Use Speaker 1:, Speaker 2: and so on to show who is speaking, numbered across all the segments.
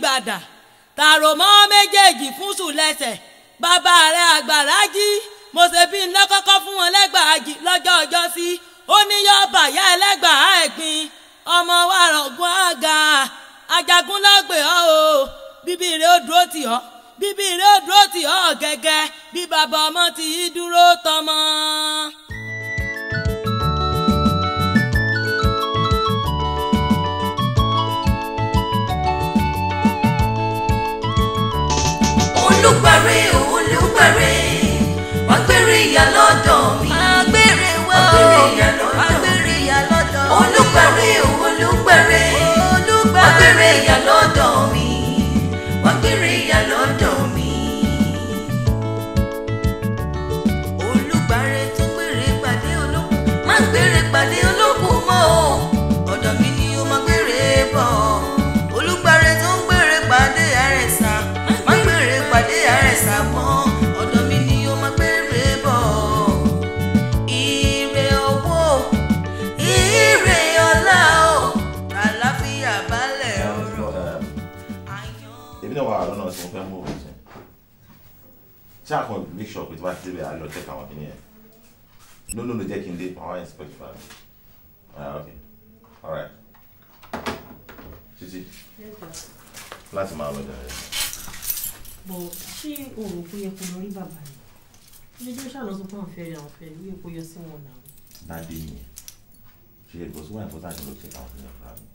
Speaker 1: gbàdà tààrò mọ́ méjèèjì fún sùn lẹ́sẹ̀ bàbá rẹ̀ àgbàrá jí mo ṣe bí ńlá kọ́kọ́ fún wọn lẹ́gbàájì lọ́jọ́ ọjọ́ sí ó ní yóò bàyá ẹlẹ́gbàá ẹ̀gbin ọmọ wa rọ̀gùn àgà ajagun lọ́gbẹ̀ ọ́ o bíbí rẹ̀ ó dúró tì ọ́ bíbí rẹ̀ ó dúró tì ọ́ gẹ́gẹ́ bí bàbá ọmọ ti dúró tọmọ. olùgbàre olùgbàre wà gbére ìyá lọ́dọ̀ mi agbére wá o agbére ìyá lọ́dọ̀ mi olùgbàre olùgbàre wà gbére ìyá lọ́dọ̀ mi wà ìyá lọ́dọ̀ mi. olùgbàre tó gbére pàdé olókùn má gbére pàdé olókùn mọ́ o.
Speaker 2: ṣáà kan make sure pé tí wàá ti débẹ̀ á lọ check àwọn kìnìyẹn no no no jẹ́ kí n dé àwọn inspect fún mi ok alright títí láti máa lọ jàre.
Speaker 3: bọ̀ ṣé o rò pé ẹkùn lọ rí bàbá
Speaker 4: rẹ̀ níjọ́ ṣàlọ́ sọ pé àwọn fẹ́ẹ́ rí àwọn fẹ́ẹ́ rí èkó yọ sí wọn náà.
Speaker 2: dáadé nìyẹn ṣe é gbọ́sọ́ wà ní fọ́tà àti lọ́ọ́ check àwọn kìnìyẹn fún mi.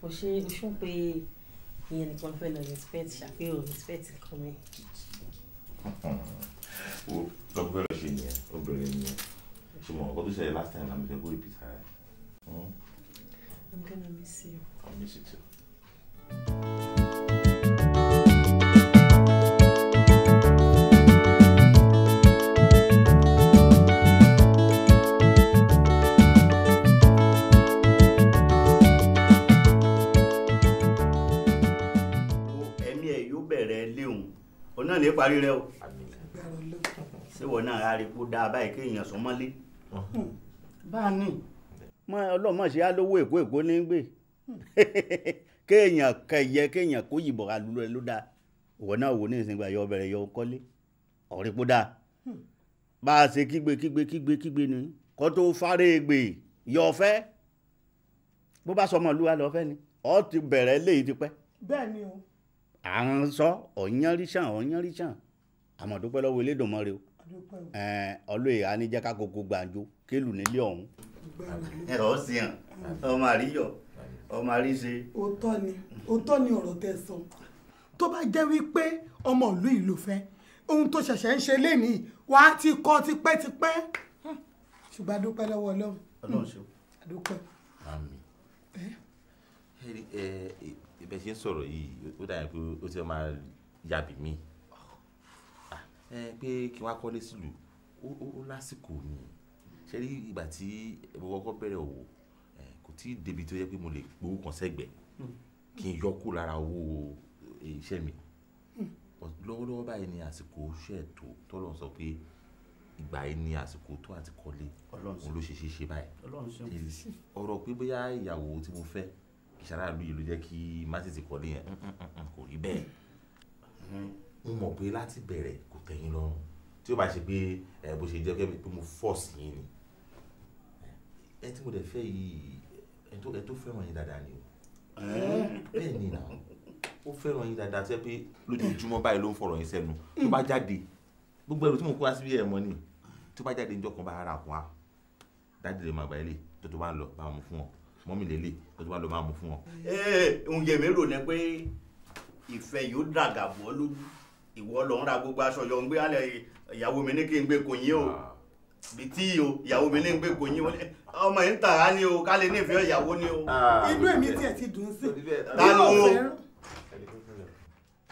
Speaker 4: kò ṣe é ṣùn pé ìyẹn nìkan fẹ́ lọ respect ṣàfihàn respect kan mi.
Speaker 2: what do you say last time? I'm going to repeat
Speaker 5: mm. I'm going to miss you. I'll miss you too.
Speaker 6: náà ní parí rẹ o síwọ náà arípo dáa báyìí kéèyàn sún mọ́lé hmm. bá a ní ọlọ́mọ ṣe á lówó èkó èkó ní gbé kéèyàn kẹyẹ kéèyàn kó yìnbọn alùlù rẹ ló dáa ìwọ náà wò ní ìsìnkú ayọ bẹ̀rẹ̀ yọ kọ́lé ọ̀rípo dáa hmm. bá a ṣe kígbe kígbe kígbe kígbe ni kó tó fáré gbè yọ fẹ́ bó bá sọmọ ìlú wa lọ fẹ́ ni ọ ti bẹ̀rẹ̀ léyìí ti pẹ́. ni o à ń sọ ọ̀nyánríṣàn ọ̀nyánríṣàn àmọ́ dúpẹ́ lọ́wọ́ Elédùmarè o ọlọ́yè anijẹ́ká gbogbo gbàǹjo kélù nílé ọ̀hún ẹ̀rọ sí hàn ọmọ àríyọ̀ ọmọ àríṣe. òótọ́ ni òótọ́ ni ọ̀rọ̀ tẹ́ sọ tó bá jẹ́ wípé ọmọ ìlú ìlú fẹ́ ohun tó ṣẹ̀ṣẹ̀ ń ṣe lénìí wàá ti kọ́ tipẹ́tipẹ́ ṣùgbọ́n a dúpẹ́ lọ́wọ́ Ọlọ́run. Ọlọ́run
Speaker 2: ṣe bẹ ṣe ń sọ̀rọ̀ yìí ó dà yẹn pé ó ti máa yàbí mi pé kí wọ́n á kọ́lé sílùú ó lásìkò mi ṣe rí ìgbà tí mo kọ́kọ́ bẹ̀rẹ̀ òwò kò tí ì débi tó yẹ pé mo lè gbowó kan sẹ́gbẹ̀ẹ́ kí n yọ lára owó iṣẹ́ mi lọ́wọ́lọ́wọ́ báyìí ni àsìkò iṣẹ́ tó tọ́lọ́ sọ pé ìgbà yìí ni àsìkò tó àti kọ́lé òun ló ṣe ṣe ṣe báyìí ọ̀rọ̀ pé bóyá ìyàwó tí mo fẹ́ ìṣàrà ìlú yìí ló jẹ́ kí má tètè kọ́lé yẹn kò rí bẹ́ẹ̀ mm, mo mọ̀ pé láti bẹ̀rẹ̀ kò tẹ̀yìn lọ́rùn tí ó bá ṣe pé ẹ bó ṣe jẹ́ pé mo force yín ni ẹ tí mo dẹ̀ fẹ́ yìí ẹ tó fẹ́ràn yín dáadáa ni o bẹ́ẹ̀ ni nà ó fẹ́ràn yín dáadáa tẹ́ pé lójoojúmọ́ báyìí ló ń fọ̀rọ̀ yín sẹ́nu tó bá jáde gbogbo ẹrù tí mo kó wá síbí ẹ̀ mọ́ ni tó bá jáde níjọ́ kan bá ara kan á dájú lè máa gbà ẹ́ lè tó tó bá ń lọ bá mu fún ọ mọ́mì lélẹ̀ kó tó wá lọ máa mú fún wọn.
Speaker 6: Mm. Eh, eh, eh, oúnjẹ mi rò ní pé ìfẹ́ yóò dàgà bọ́ lójú ìwọ lọ ń ra gbogbo aṣọ yọ ń gbé alẹ́ ìyàwó mi ní kí n gbé kò yín o ah. bí tí o ìyàwó mi ní gbé kò yín o ọmọ yìí ń tàrá ni o ká lè nífẹ̀ẹ́ ìyàwó ni o. Ah. inú èmi tiẹ̀ ti dùn sí i. o.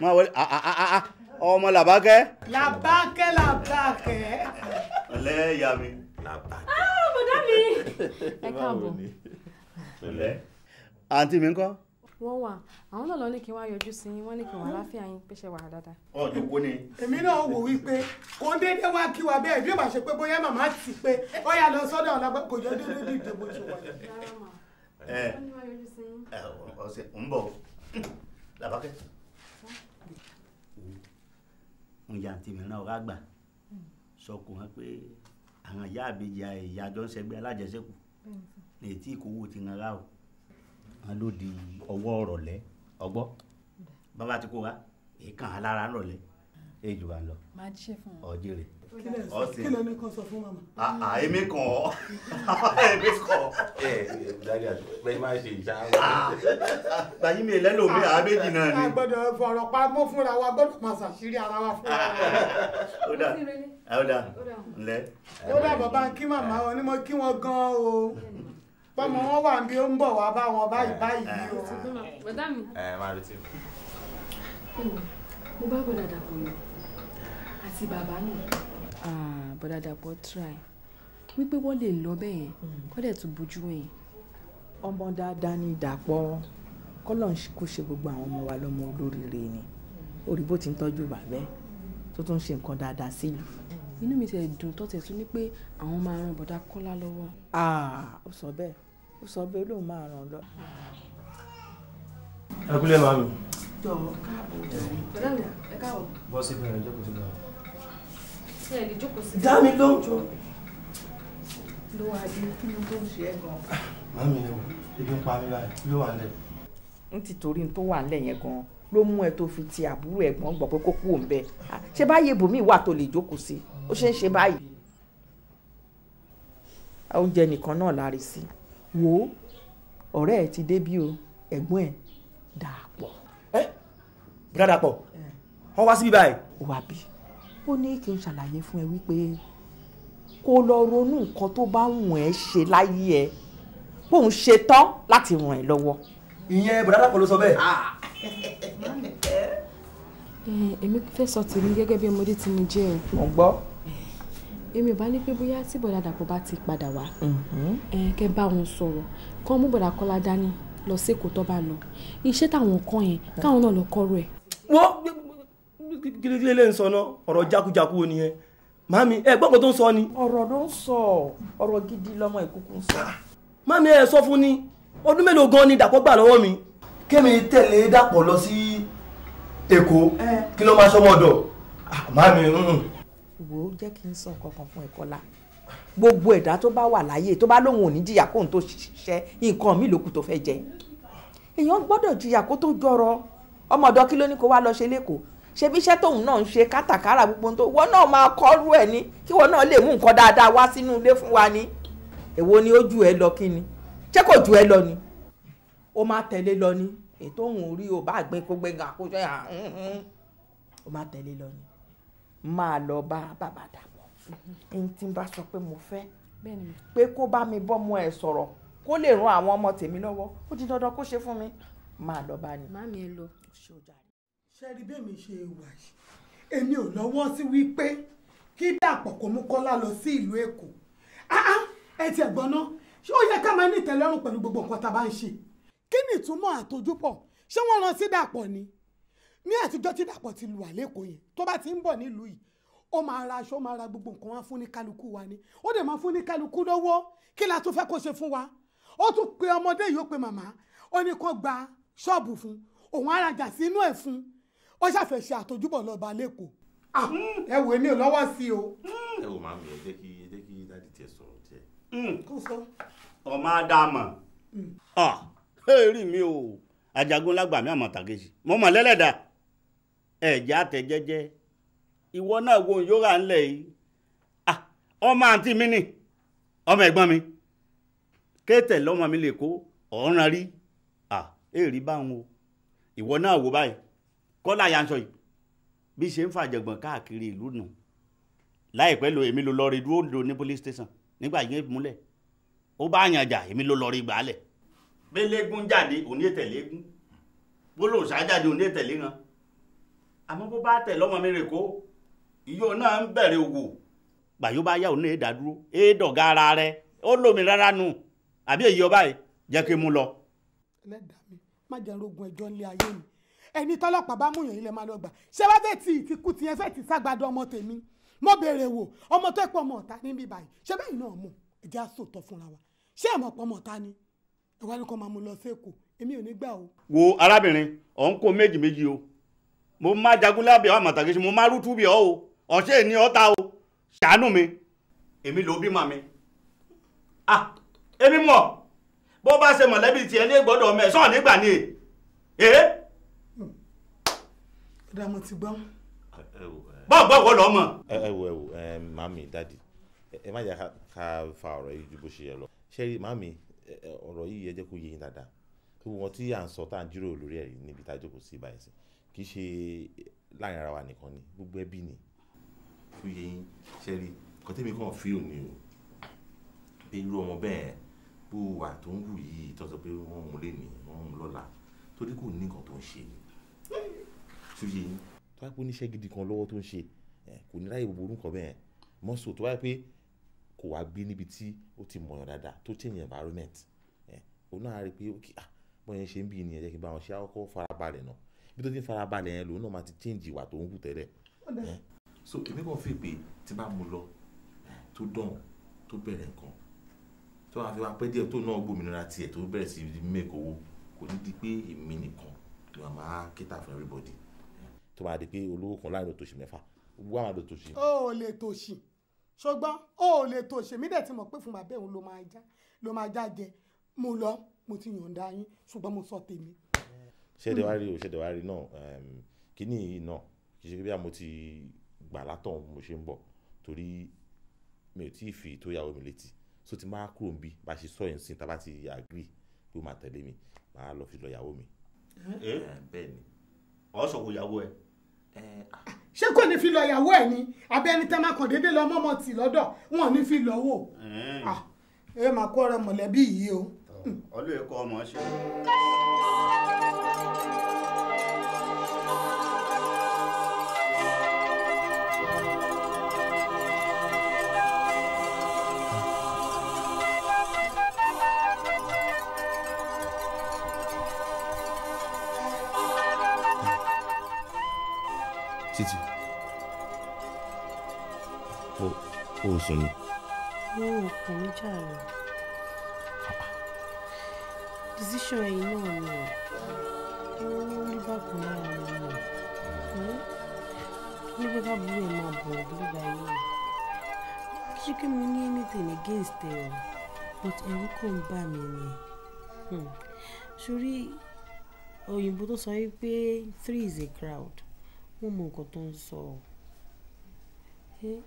Speaker 6: máa wọlé ah, ọmọ làbákẹ́. làbákẹ́ làbákẹ́. ọ̀lẹ́ làbákẹ́. ah
Speaker 3: bọ̀dá mi ẹ káàbọ̀.
Speaker 6: pẹ̀lẹ́ àǹtí mi ń
Speaker 3: wọ́n wà àwọn náà lọ ní kí wọ́n á sí yín wọ́n ní kí wọ́n láfíà yín pé ṣe wà dáadáa. wo ni. èmi náà wò wípé kò ń wá kí wa bẹ́ẹ̀ bí ó bá ṣe pé bóyá màmá ti pé ó yà lọ
Speaker 6: sọ́dọ̀ ọ̀làgbà
Speaker 5: kò yọ dédé wà.
Speaker 6: ẹ ẹ ń làbákẹ́ àǹtí mi náà hmm. sọ lè tí ìkówó ti ń ra o wọn ló di ọwọ́ ọ̀rọ̀lẹ́ ọgbọ́ bàbá ti kó wa èèkàn alára rọ̀lẹ́ èèjù wa lọ. máa jíṣẹ́ fún ọ. rẹ̀ kí lẹni kan sọ fún mama. àà èmi kàn ọ́
Speaker 3: èmi kàn ọ́.
Speaker 2: ẹ ẹ dájú bẹ́ẹ̀ máa ṣe ìṣá.
Speaker 3: Ah.
Speaker 6: gbajú mi lẹ́nu ah. omi àbẹ́jì náà ni. a gbọ́dọ̀ fọ̀rọ̀ pamọ́ fúnra wa gbọ́dọ̀ máa ṣàṣírí ara wa fúnra wa. ó dà ó dà ńlẹ. ó dà bàbá kí màmá wọn ni mo kí wọn gan o bọ́mọ wọn wà bí ó ń bọ̀ wá bá wọn báyìí eh, báyìí eh. o.
Speaker 3: bọ́dà mi.
Speaker 2: Eh, ẹ máa retí mi.
Speaker 3: mo bá bọ̀ dàdà pọ̀ mi àti bàbá náà. Ah, bọ́dà Dàpọ̀ try wípé wọ́n lè lọ bẹ́ẹ̀ yẹn kọ́ mm. dẹ̀ tún bójú wọn yẹn. ọmọ dáadáa ní Dàpọ̀ kọ́lọ̀ kó ṣe gbogbo àwọn ọmọ wa lọ́mọ olóríire ni orí bó ti ń tọ́jú bàbẹ́
Speaker 4: tó tún ṣe nǹkan dáadáa sílùú.
Speaker 3: inú mi tẹ̀ dùn tọ́tẹ̀ tún ní pé àwọn máa ran bọ́dà Kọ́lá lọ́wọ́. Ah, ó sọ bẹ́ẹ̀ ó sọ bẹ́ẹ̀ lóun máa ràn lọ.
Speaker 1: ẹ kúlẹ̀ màmí. jọ̀wọ́ káàbọ̀ jọ̀wọ́ bọ́sẹ̀ bẹ̀rẹ̀ ọjọ́ kò sí bẹ̀rẹ̀
Speaker 3: tí ẹ lè jókòó sí. dá mi lóhùn jọ. ló wà dé kí ló tó ń ṣe ẹ gan. màmí ẹ wò
Speaker 6: ebi ń pa mí báyìí ló wà lẹ.
Speaker 4: n ti torí n tó wà lẹ yẹn gan ló mú ẹ tó fi ti àbúrò ẹ̀gbọ́n gbọ́ pé kó kú òun bẹ ṣé báyìí ibòmíì wà tó lè jókòó sí ó ṣe ń ṣe báyìí.
Speaker 6: oúnjẹ nìkan náà láre sí wo ọ̀rẹ́ ẹ ti dé o ẹ̀gbọ́n ẹ dàpọ̀. ẹ bí dàpọ̀ wọ́n wá síbí báyìí. wà á bí ó ní kí n ṣàlàyé fún ẹ wípé kó lọ ronú nǹkan tó bá wùn ẹ́ ṣe láyé ẹ bóun ṣe tán láti ràn ẹ́ lọ́wọ́. ìyẹn bùrọ̀dá kan ló sọ bẹ́ẹ̀.
Speaker 4: Ah.
Speaker 3: èmi fẹ́ sọ tèmi gẹ́gẹ́ bí ọmọdé tí mo jẹ́ o. mo gbọ́. èmi ò bá ní pé bóyá tí bọ̀dá Dàpọ̀ bá ti padà wá
Speaker 1: mm-hmm.
Speaker 3: kẹ́ bá òun sọ̀rọ̀ kó mú bọ̀dá Kọ́lá dání lọ sí Èkó tó bá lọ iṣẹ́ táwọn kan yẹn káwọn náà lọ kọ́ rẹ̀.
Speaker 6: wọ́n kílíkílí lè ń sọ náà ọ̀rọ̀ jákujáku wo nìyẹn mami ẹ gbọ́ tó ń sọ ni. ọ̀rọ̀ ló ń sọ ọ̀rọ̀
Speaker 3: gidi lọ́mọ ìkúkú ń sọ.
Speaker 6: mami ẹ sọ fún ni ọdún mélòó gan ni dàpọ̀ gbà lọ́wọ́ mi. kémi tẹ̀lé dàpọ̀ lọ sí èkó kí ló máa ṣọmọ ọ̀dọ̀
Speaker 5: ah, mami. Mm, mm.
Speaker 4: wo jẹ́ kí n sọ nǹkan kan fún ẹ̀kọ́ la gbogbo ẹ̀dá tó bá wà láyé tó bá lóun ò ní jìyà kóun tó ṣiṣẹ́ nǹkan mi lókù tó fẹ́ jẹ èèyàn
Speaker 6: gbọ́dọ̀ jìyà kó tó jọrọ ọmọ ọ̀dọ̀ kí ló ní kó wá lọ ṣe lẹ́kọ̀ọ́ ṣebí iṣẹ́ tóun náà ń ṣe kátàkárà gbogbo tó wọ́n náà máa kọ́rú ẹ̀ ní kí wọ́n náà lè mú nǹkan dáadáa wá sínú ilé fún wa ni èwo ni ó ju ẹ lọ kí ni ṣé kò ju ẹ lọ ni ó máa tẹ̀lé lọ ni
Speaker 4: ètò òun ò rí o bá gbin kó gbẹ́gà kó jẹ́ à ó máa tẹ̀lé lọ ni máa lọ bá bàbá dàpọ̀ ẹni tí ń bá sọ pé mo fẹ́
Speaker 6: pé kó bá mi bọ́mọ ẹ̀ sọ̀rọ̀ kó lè ran àwọn ọmọ tèmi lọ́wọ́ ó di dandan kó ṣe fún mi máa lọ bá ní. má mi lọ ṣọjà ṣẹ́rí bẹ́ẹ̀mi ṣe wà yìí èmi ò lọ́wọ́ sí wípé kí dàpọ̀ kó mú kọ́lá lọ sí ìlú èkó ẹ ti ẹ̀gbọ́n náà ṣé ó yẹ ká máa ní ìtẹ́lọ́rùn pẹ̀lú gbogbo nǹkan tá a bá ń ṣe kí ni ìtumọ̀ àtòjúpọ̀ ṣé wọ́n rán sí dàpọ̀ ni ní àtijọ́ tí dàpọ̀ ti lù àlékò yẹn tó bá ti ń bọ̀ nílùú yìí ó máa ra aṣọ ó máa ra gbogbo nǹkan wá fún ní kálukú wa ni ó dẹ̀ máa fún ní kálukú lọ́wọ́ kí la tún fẹ́ kó ṣe fún wa ó tún pe ọmọdé yìí ó pe màmá ó ní kó gba ṣọ́ọ̀bù fún òun á rajà sínú ẹ̀ fún ó ṣàfẹ́ ṣe lọ bá lẹ́kọ̀ọ́ ah, hmm. ẹ wò ò lọ́wọ́ sí o.
Speaker 2: Hmm. ẹ wò màmí ẹ ẹ jẹ́ kí tiẹ̀ sọ̀rọ̀ tiẹ̀. Hmm. kò sọ. ọmọ ádámà. ah èrì mi o
Speaker 6: ajagun lágbà mi àmọ́ tàgéjì mo mọ̀ lẹ́lẹ́dà ẹ̀jẹ̀ àtẹ̀jẹ́jẹ́ ìwọ ah, ọmọ mi ọmọ ẹ̀gbọ́n mi lọ́mọ mi lè kó ọ̀ràn rí ah, Kọ́lá Yansọ yìí bí ṣe ń fàjọ̀gbọ̀n káàkiri ìlú nù láìpẹ́ lo èmi ló lọ rí dúró lò ní police station nígbà yẹn múlẹ̀ ó bá yàn jà èmi ló lọ rí gbàálẹ̀ bẹ́lẹ́gún jáde òní ètẹ̀lẹ́gún bólóòṣà jáde òní ètẹ̀lé ran àmọ́ bó bá tẹ̀ lọ́mọ mi rè kó ìyó náà ń bẹ̀rẹ̀ òwò gbàyó bá yá òun náà dá é dọ̀gá ara rẹ ó lómi rárá nu àbí èyí ọba yìí jẹ́ kí n mú lọ. ẹlẹ́dàá mi má jẹ́ rogun ẹjọ́ ní ayé mi ẹni tọ́lọ́pàá bá mú yàn yín lẹ́ máa lọ gbà ṣé wá fẹ́ ti ìtìkú tiẹ̀ fẹ́ ti ságbádọ́ ọmọ tèmi mo béèrè wò ọmọ tó pọ̀ ọmọ ọ̀tá níbí báyìí ṣé bẹ́ẹ̀ náà mọ̀ ẹ̀jẹ̀ àsòtọ̀ fúnra wa ṣé ẹ̀mọ̀ pọ̀ ọmọ ọ̀tá ni ẹ̀wá ni kò máa mú lọ sí èkó èmi ò ní gbà o. wo arábìnrin ọ̀ ń kó méjì méjì o mo má jagun lábẹ́ àwọn àmọ̀tàkì mo má rútú bí ọ o ọ̀ṣẹ́ ni ọ ta o ṣàánú mi èmi ló bímọ mi ah èmi mọ̀ bó bá ṣe mọ̀lẹ́bí tiẹ̀ ní gbọ́dọ̀ mẹ́ sọ̀ọ́ nígbà ni èé ọ̀dà mo ti gbọ́n.
Speaker 2: bọ́ọ̀ bọ́ọ̀ wọ́n lọ́ọ́ mọ̀. ẹ wo ẹ wo ẹ màmí dáàdi ẹ má jà ká fa ọ̀rọ̀ yìí ju bó ṣe yẹ lọ ṣé màmí ọ̀rọ̀ yìí ẹ jẹ́ kó yé yín dáadáa kí wọ́n tí à ń sọ tá à ń jíròrò lórí ẹ̀ níbi tá a jókòó sí báyìí sí kì í ṣe láàrin ara wa nìkan ni gbogbo ẹbí ni fún yé yín ṣe rí kọ́tẹ́mi kan fi òní o pé irú ọmọ bẹ́ẹ̀ bó wà tó ń wù yìí tó sọ pé wọ́n mú lé ní wọ́n mú lọ́la torí kò ní nǹkan tó ń ṣe ni tó yé yín tó bá pé oníṣẹ́ gidi kan lọ́wọ́ tó ń ṣe kò ní láyè gbogbo orúkọ bẹ́ẹ̀ mọ́sọ̀ tó bá pé kò wá gbé níbi tí ó ti mọ̀yàn dáadáa tó change environment òun náà rí i pé ókè ah bọ́n yẹn ṣe ń bí ènìyàn jẹ́ kí bá wọn ṣe àkọ́kọ́ farabalẹ̀ náà bí tó ti ń farabalẹ̀ yẹn lòun náà máa ti change ìwà tó ń hù tẹ́lẹ̀ so èmi kàn fi pé tí bá mo lọ tó dán tó bẹ̀rẹ̀ nǹkan tó wàá fi wá pẹ́ díẹ̀ tó náà gbòmìnira tiẹ̀ tó bẹ̀rẹ̀ sí make kò ní di pé èmi nìkan ni wàá máa cater for everybody tó máa di pé olówó kan láàrin òtòṣì mẹ́fà gbogbo àwọn àdó tòṣì.
Speaker 6: o ò lè tòṣì ṣùgbọ́n o ò lè tòṣì mí dẹ̀ ti mọ̀ pé fún bàbá òun ló máa já ló máa já jẹ mo lọ mo ti yọ̀ǹda yín ṣùgbọ́n mo sọ tèmi.
Speaker 2: ṣẹ́ẹ̀dẹ̀ wá rí o ṣẹ́ẹ̀dẹ̀ wá rí náà kínní yìí náà kì í ṣe bí mo ti gbà látọ̀ mo ṣe ń bọ̀ torí mi ò tí ì fi tó yàwó mi létí so ti máa kúrò níbí bá ṣe sọ yẹn sí ta bá ti agree pé ó máa tẹ̀lé mi màá lọ fi lọ yàwó mi. bẹ́ẹ̀ ni ọ̀ sọ̀kò yàwó ẹ̀
Speaker 6: ṣé kò ní fi lọ ìyàwó ẹ̀ ni àbí ẹni tẹ́ máa kàn déédéé lọ mọ́mọ́ tì lọ́dọ̀ wọn ò ní fi lọ wò hmm. ah, ẹ máa kó ọ̀rọ̀ mọ̀lẹ́bí yìí o. ọlọ́ọ̀ẹ́kọ́ ọmọ ṣe.
Speaker 2: sùn ni.
Speaker 4: mi ò pè mí jàre decision ẹ̀yin náà ni ó ní bákan lára mi ni ní pé ká burú ẹ̀ máa bọ̀ nígbà yìí ṣé kí mo ní anything against ẹ o but ẹ̀rù kò ń bà mí ni hmm. sórí òyìnbó tó sọ wípé three is a crowd wọ́n mọ nǹkan tó ń sọ ọ́. Hmm?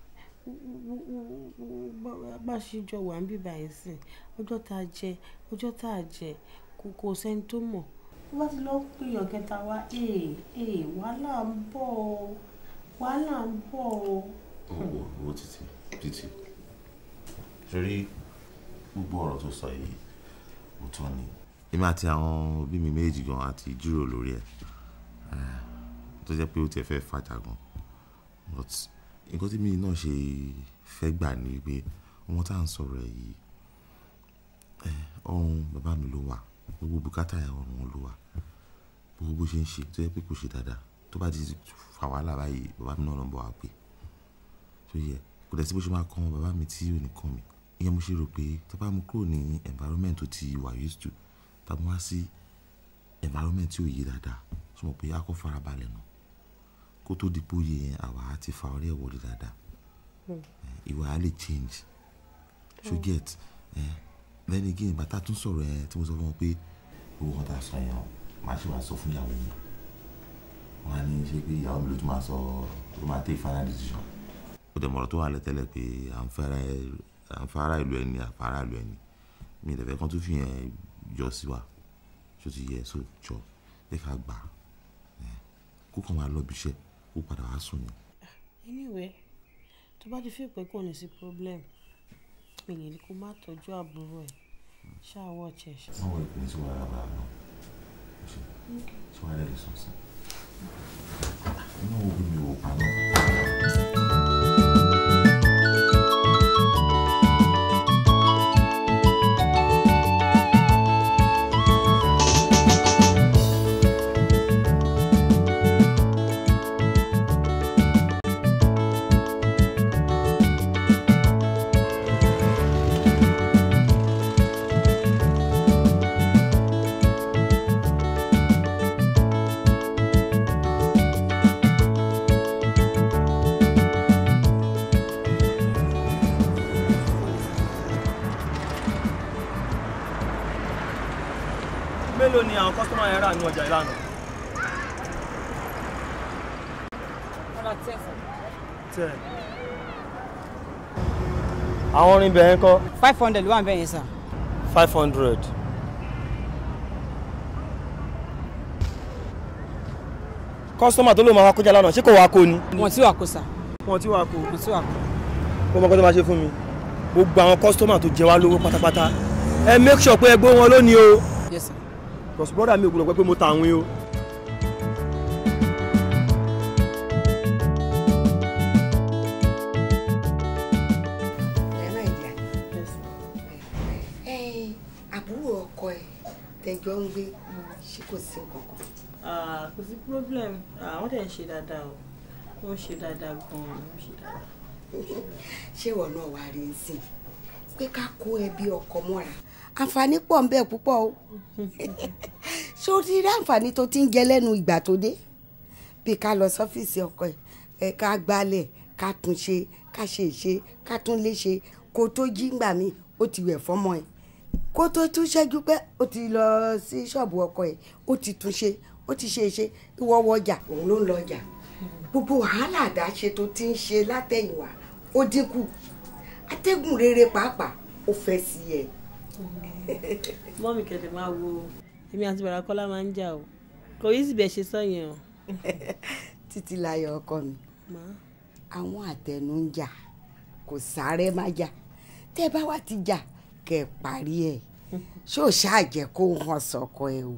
Speaker 4: bá ṣe jọ wà ń bíbá yìí sìn ọjọ́ tá a jẹ ọjọ́ tá a jẹ kò kò sẹ́ni tó mọ̀. ó bá ti lọ pé èèyàn kẹta wá ee ee wàhálà ń bọ̀ ọ́ wàhálà ń bọ̀ ọ́.
Speaker 2: ọwọ́ ọwọ́ títí títí torí gbogbo ọ̀rọ̀ tó sọ yìí òótọ́ ni èmi àti àwọn òbí mi méjì gan àti jíròrò lórí ẹ̀ tó jẹ́ pé ó ti fẹ́ fàjà gan but nǹkan tí mi náà ṣe fẹ́ gbà ni pé ọmọ tá à ń sọ̀rọ̀ ẹ̀ yìí ọrùn bàbá mi ló wà gbogbo bùkátà ọrùn wọn ló wà gbogbo bó ṣe ń ṣe tó yẹ pé kò ṣe dáadáa tó bá ti fà wàhálà báyìí bàbá mi náà ló ń bọ̀ wá pé tó yẹ kò dẹ̀ sí bó ṣe máa kàn bàbá mi tí ò ní kàn mí ìyẹn mo ṣe rò pé tó bá mu kúrò ní environment tó ti wà used to tá a mú wá sí environment tí ò yé dáadáa sọ ma pé a farabalẹ̀ náà kó tó di póye yẹn àwa á ti fa ọ̀rẹ́ ẹ̀ wọlé dáadáa hmm. ìwà á lè change so hmm. get lẹ́ni gí ni bàtà tún sọ̀rọ̀ ẹ̀ tí mo sọ fún wọn pé owó kan tá a sọ yẹn màá ṣe wàá sọ fún ìyàwó mi wọn á ní ṣe pé ìyàwó mi ló tún máa sọ ló máa take final decision. ó dẹ̀ mọ̀rọ̀ tó wà lẹ́tẹ̀lẹ̀ pé à ń fa ìlú ẹni àfa ìlú ẹni mi ìdẹ̀fẹ́ kan tún fi yẹn yọ sí wa ṣó ti yẹ so jọ ẹ ká gbà eh, kó kàn máa lọ bí iṣẹ́ ó padà wá sùn ni.
Speaker 4: anyway tó bá ti fi pé kò ní sí problem pèlè kó má tọ́jú àbúrò ẹ̀ ṣáà wọ̀ ọ̀chẹ̀ ṣe. wọ ìpín sí wàrà bàrà náà ó ṣe tí wàá rẹ̀ lè sọ̀sẹ̀ inú ogun mi ò pa náà.
Speaker 6: láàánú ọjà ìlànà. àwọn orin bẹ̀rẹ̀ kọ́.
Speaker 3: five hundred ló wà bẹ́ẹ̀ yẹn
Speaker 6: five hundred. kọ́sọ́mà tó ló máa wá kọjá lánàá ṣé kò wá kó ni. wọ́n ti wà kó sà. wọ́n ti wà kó. wọ́n ti wà kó. mo O kó tó máa ṣe fún mi gbogbo àwọn kọ́sọ́mà tó jẹ wá lówó pátápátá ẹ make pé ẹ gbọ́ wọn lónìí o because brother mi ò gbọ́dọ̀ pẹ́ pé mo ta àwìn
Speaker 5: o.
Speaker 4: àbúrò ọkọ ẹ tẹjọ ń gbé ṣé kò sí nǹkan kan. kò sí problem àwọn tẹ̀ ń ṣe dáadáa o wọ́n ṣe dáadáa gan-an wọ́n ṣe dáadáa. ṣé ìwọ náà wàá rí nsìn pé ká kó bi ọkọ mọ́ra àǹfààní pọ̀ ń bẹ púpọ̀ o ṣé o ti rí àǹfààní tó ti ń jẹ lẹ́nu ìgbà tó dé bí ká lọ sọ́fíìsì ọkọ ẹ̀ ká gbálẹ̀ ká tún ṣe ká ṣe ìṣe ká tún lè ṣe kó tó jí ngbà mí ó ti wẹ̀ fọ́mọ ẹ̀ kó tó tún ṣẹ́jú pé ó ti lọ sí ṣọ́ọ̀bù ọkọ ẹ̀ ó ti tún ṣe ó ti ṣe ṣe ìwọ wọ òun ló ń lọ ọjà gbogbo wàhálà àdáṣe tó ti ń ṣe látẹ̀yìnwá ó dínkù atẹ́gùn rere pàápàá ó fẹ́ sí ẹ̀ mọ́mì kẹ̀dẹ̀ máa wo èmi àti bàrà kọ́lá máa ń jà o kò yí sì bẹ̀ ṣe sọ́yìn o. títí láyọ̀ ọkọ mi àwọn àtẹnu ń jà kò sáré má jà tẹ́ bá wá ti jà kẹ́ ẹ parí ẹ̀ ṣó ṣáà jẹ́ kó hàn sọkọ ẹ o.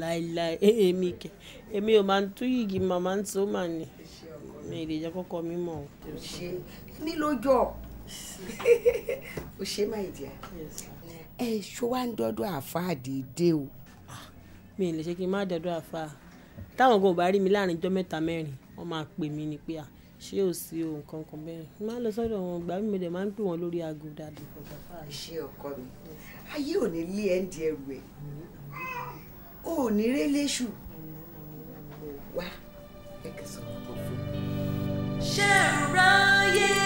Speaker 4: láìláì èmi kẹ èmi ò máa ń tú yìgì màmá ń so màá ní mi ì mi mọ̀ o. èmi lójú ọ̀. o ṣe má ìdí à. ẹ ṣó wá ń dọ́dọ̀ àáfàá déédéé o. Ah, mi ò lè ṣe kí n má dọ́dọ̀ àáfàá táwọn kan ò bá rí mi láàrin ọjọ́ mẹ́ta mẹ́rin wọ́n máa pè mí ni pé à ah, ṣé ò sí o nǹkan kan bẹ́ẹ̀ ni máa lọ sọ́dọ̀ wọn gbà mí mẹ́lẹ̀ máa ń pè wọ́n lórí aago dáadáa for bàbá rẹ̀. ṣé ọkọ mi ayé ò ní lé ẹ ẹrù ẹ ò ní
Speaker 1: réléṣù wá ẹ kẹsàn-án fún mi. ṣé ráyé.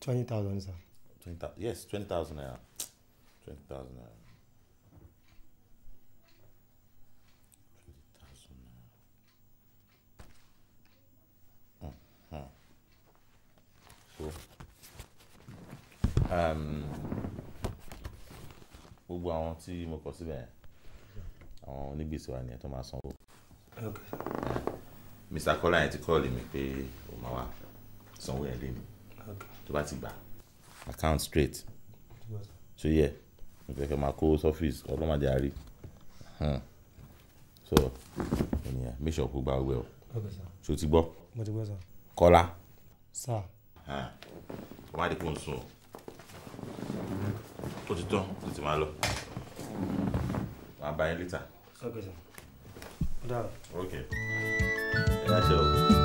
Speaker 6: twenty thousand sir.
Speaker 2: twenty thousand yes twenty thousand naira twenty thousand naira. Mm-hmm. Um, gbogbo àwọn tí mo kọ síbẹ̀ àwọn onígbèsè wa nìyẹn tó máa sanwó. Eh, Mr. Kola yẹn ti kọ́ọ̀lì mi pé òun máa wà sanwó yẹn lé mi tó bá ti gbà account straight so yeah, mo fẹ́ kẹ́ máa kó sọ́fíìsì ọlọ́mọdé àárí hmm. so ènìyàn make sure kó gba owó ẹ o so ti gbọ́ kọ́lá wọ́n á di kó n sùn ó ti tán ó ti máa lọ wọ́n á bá yín lítà. ok. ẹ yá ṣe o.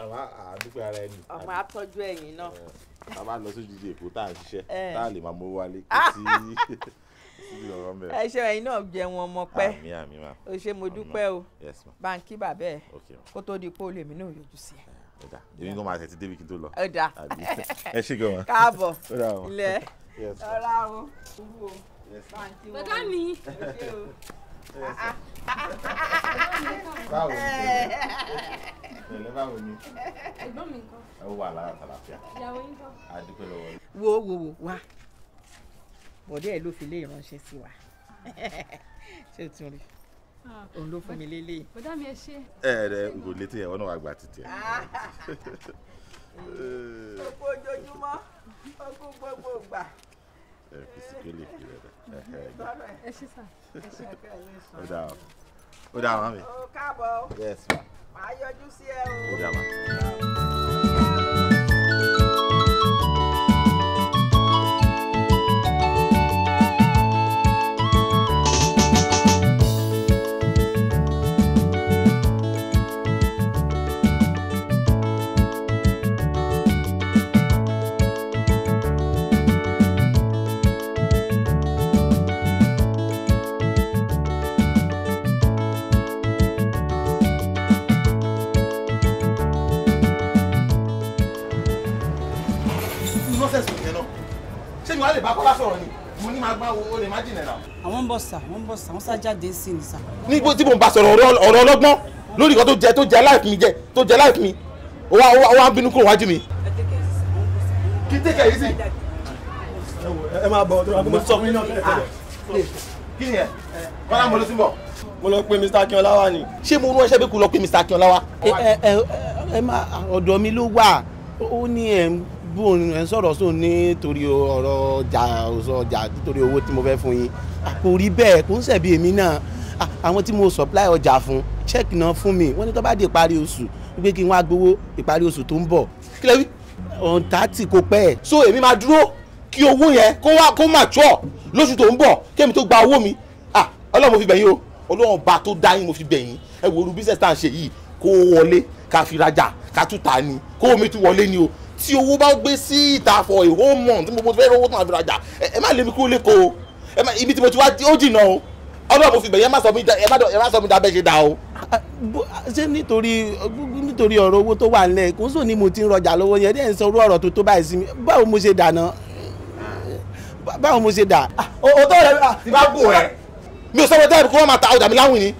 Speaker 2: àmọ́ àdúgbò ara ẹni.
Speaker 4: ọmọ atọ́jú ẹ̀yìn náà.
Speaker 2: tá eh, a bá lọ sójú di èkó tá a ṣiṣẹ́ eh. tá a lè máa mówó wálé ah! kò sí ọ̀rọ̀ mẹ́rin. ẹ ṣe ẹ̀yin náà jẹun ọmọ pẹ́ o ṣe mo dúpẹ́ o
Speaker 6: báńkì bàbá ẹ̀ kó tó di pé èmi náà yọjú sí
Speaker 2: ẹ ẹ̀dá eh, èmi gan máa tẹ̀sí débi kí n tó lọ. ẹ̀dá
Speaker 3: ẹ ṣe gan
Speaker 1: wa. káàbọ̀ ilẹ̀ ọ̀la o owó bàǹtí
Speaker 3: wọn. bàtà mi. báwo ni.
Speaker 2: ẹ̀lẹ́ báwo ni. ẹ̀gbọ́n mi nǹkan. ẹ wà lára tàlàfíà. ìyàwó yín kọ́. a dúpẹ́ lọ́wọ́
Speaker 4: rẹ. wo wo wo wa bọ̀dẹ́ ẹ̀ ló fi lé ìránṣẹ́ sí wa ah. ṣé o tún rí
Speaker 3: ah, òun ló fún mi lélẹ̀. bọ̀dá mi ẹ ṣe.
Speaker 2: ẹ rẹ n kò létí ẹ̀wọ́n náà wà gba títí. oko
Speaker 3: ah.
Speaker 5: eh.
Speaker 6: ojoojúmọ́ oko gbogbo gbà.
Speaker 2: ẹ fi sìkè lè fi rẹ rẹ.
Speaker 1: ẹ ṣe sà. ẹ ṣe àgbẹ̀ ẹ lè
Speaker 2: sọ. ó dà ó dà wọn mi. ó
Speaker 1: káàbọ̀.
Speaker 6: yẹ́sì
Speaker 2: ma màá
Speaker 1: yọjú sí ẹ o.
Speaker 2: mi wá lè bá kọ́lá sọ̀rọ̀ ni mo ní máa gbá o lè má jìnà náà.
Speaker 4: àwọn ń bọ̀ sà wọ́n ń bọ̀ sà wọ́n sá jáde sí ni sà.
Speaker 2: nígbà tí mo bá sọ̀rọ̀ ọ̀rọ̀ ọlọ́gbọ́n lórí nǹkan
Speaker 6: tó jẹ tó jẹ láìpẹ́ mi jẹ tó jẹ láìpẹ́ mi ó wá ń bínú kúrò wájú mi. kí tẹ́kẹ̀ yìí sì. ẹ máa bọ̀ tó ra mo sọ fún yín náà kí ah, ni ẹ kọ́lá mo ló ti bọ̀. mo lọ pe Mr. Akínọláwá ni. ṣé mo rún ẹṣẹ́ bí kò lọ pe Mr. Akínọláwá. ẹ ẹ ẹ máa ọ̀dọ̀ mi ló wà ó ní ẹ̀ bóun ẹ ń sọ̀rọ̀ sóun nítorí ọ̀rọ̀ ọjà òsọ ọjà nítorí owó tí mo fẹ́ fún yín kò rí bẹ́ẹ̀ kò ń ṣẹ̀bi èmi náà àwọn tí mo supply ọjà fún check náà fún mi wọ́n ní tó bá di ìparí oṣù wípé kí n wá gbowó ìparí oṣù tó ń bọ̀ kílẹ̀ wí ọ̀n tààtì
Speaker 2: kò pẹ́ ẹ̀. so èmi máa dúró kí owó yẹn kó wá kó máa jọ lóṣù tó ń bọ̀ kémi tó gba owó mi ah ọlọ́run mo fi bẹ̀yìn o ọlọ́run ba tó dá yín mo fi bẹ̀yìn ẹ wo olú business tá à ń ṣe yìí kó wọlé ká fi rajà ká tún ta ni kó omi tún wọlé ni o tí owó bá gbé sí ìta for a whole month tí mo fẹ́ rówó tán àfi rajà ẹ má lé mi kúrò lẹ́kọ̀ọ́ ẹ má ibi tí mo ti wá ó jìnnà o ọlọ́run mo fi bẹ̀yẹ má sọ mi ẹ má sọ mi dábẹ́ ṣe dá o. ṣé
Speaker 6: nítorí nítorí ọ̀rọ̀ owó tó wà nílẹ̀ kò sóò ni mo ti ń rọjà lọ́wọ́ yẹn dẹ́n sọ orú ọ̀rọ̀ tó tó báyìí sí mi báwo mo ṣe dà náà báwo mo ṣe dà. Ah, o tó rẹ ti ah, bá
Speaker 2: bò ẹ. mi ò sọ wọn tẹ́lẹ̀ kí wọ́n máa ta ọjà mi láwìn ni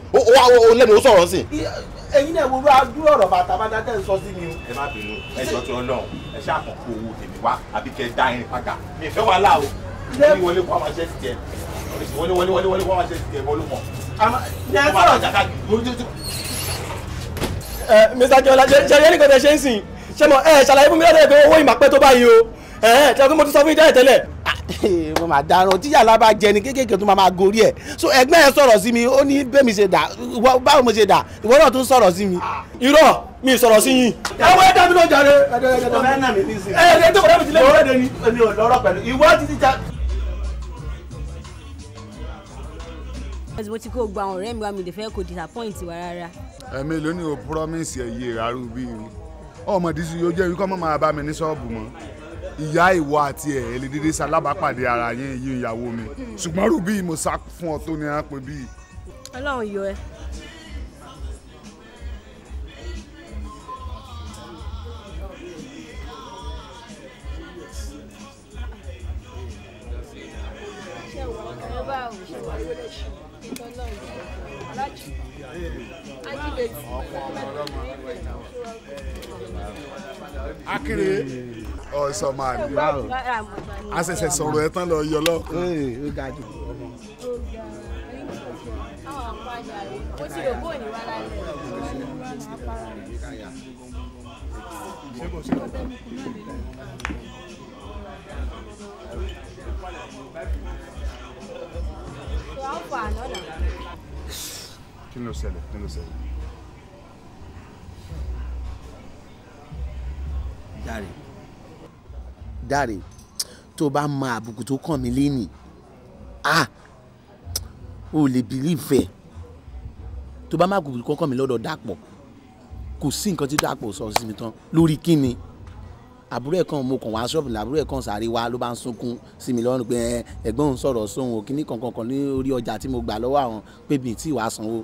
Speaker 2: ó lẹ́nu ó sọ̀rọ̀ sí
Speaker 5: i
Speaker 6: ẹ̀yin náà wo adúrò ọ̀rọ̀ bàtà bá dá ń sọ sí mi o. ẹ má bínú ẹ jọ tó lọ ẹ ṣe àkànkò
Speaker 2: owó tèmi wá àbí kẹ dá irin padà mi ìfẹ́ wa láà o wọlé kó a máa ṣe wọlé wọlé wọlé wọlé kó a máa ṣe ti tẹ wọlé mọ.
Speaker 6: Eh, Mr. jọlá ṣe ṣe yẹn ní kò tẹ ṣe ń sìn ṣe mọ ẹ ṣàlàyé fún mi lọ́dẹ̀ pé owó ìmàpẹ́ tó báyìí o ẹ ṣe ọdún mo ti sọ fún ìjọ ìtẹ́lẹ̀. mo máa dáràn tíyà lábá jẹ ni kéékèèké tó máa gorí ẹ so ẹgbẹ́ yẹn sọ̀rọ̀ sí mi ó ní bẹ́mi ṣe dà báwo mo ṣe dà ìwọ náà tún sọ̀rọ̀ sí mi. irọ́ mi sọ̀rọ̀ sí yín. ẹ wọ ẹ dábìí ló jàre. ẹ ẹ tó kọ́ dábìí ti
Speaker 4: lé mo ti kó gba ọ̀rẹ́ mi wá mi lè fẹ́ kó disappoint wa rárá.
Speaker 6: ẹ̀mí ló ní o promise ẹ̀ yé rárú bí ọmọdé sí yóò jẹ́ wípé ọmọ máa bá mi ní ṣọ́ọ̀bù mọ́ ìyá ìwọ àti ẹ̀ ẹ̀ lè dédé ṣalábàápàdé ara yín yín ìyàwó mi ṣùgbọ́n rúbí mo sá fún ọ tó ní à ń bíi.
Speaker 4: ọlọ́run yọ ẹ.
Speaker 5: akéré
Speaker 6: ọ̀sán máa ní
Speaker 5: a ṣẹ̀ṣẹ̀ sọ̀rọ̀ ẹ
Speaker 6: tán lọ yọ lọ.
Speaker 5: kí ló ṣẹlẹ̀ kí ló ṣẹlẹ̀.
Speaker 6: Daddy dáre tó o bá mọ àbùkù tó kàn mí lẹ́nì ah o lè bìlíìfù ẹ̀ tó o bá má àbùkù tó kàn mí lọ́dọ̀ dàpọ̀ kò sí nǹkan tí dàpọ̀ sọ sí mi tán lórí kíni àbúrò ẹ̀ kan mo kàn wá ṣọ́ọ̀bù làbúrò ẹ̀ kan sáré wá ló bá ń sunkún sí mi lọ́rùn pé ẹ̀gbọ́n òun sọ̀rọ̀ sóhun òkínní kankan kan lórí ọjà tí mo gbà lọ́wọ́ àwọn pé mi tí wàá sanwó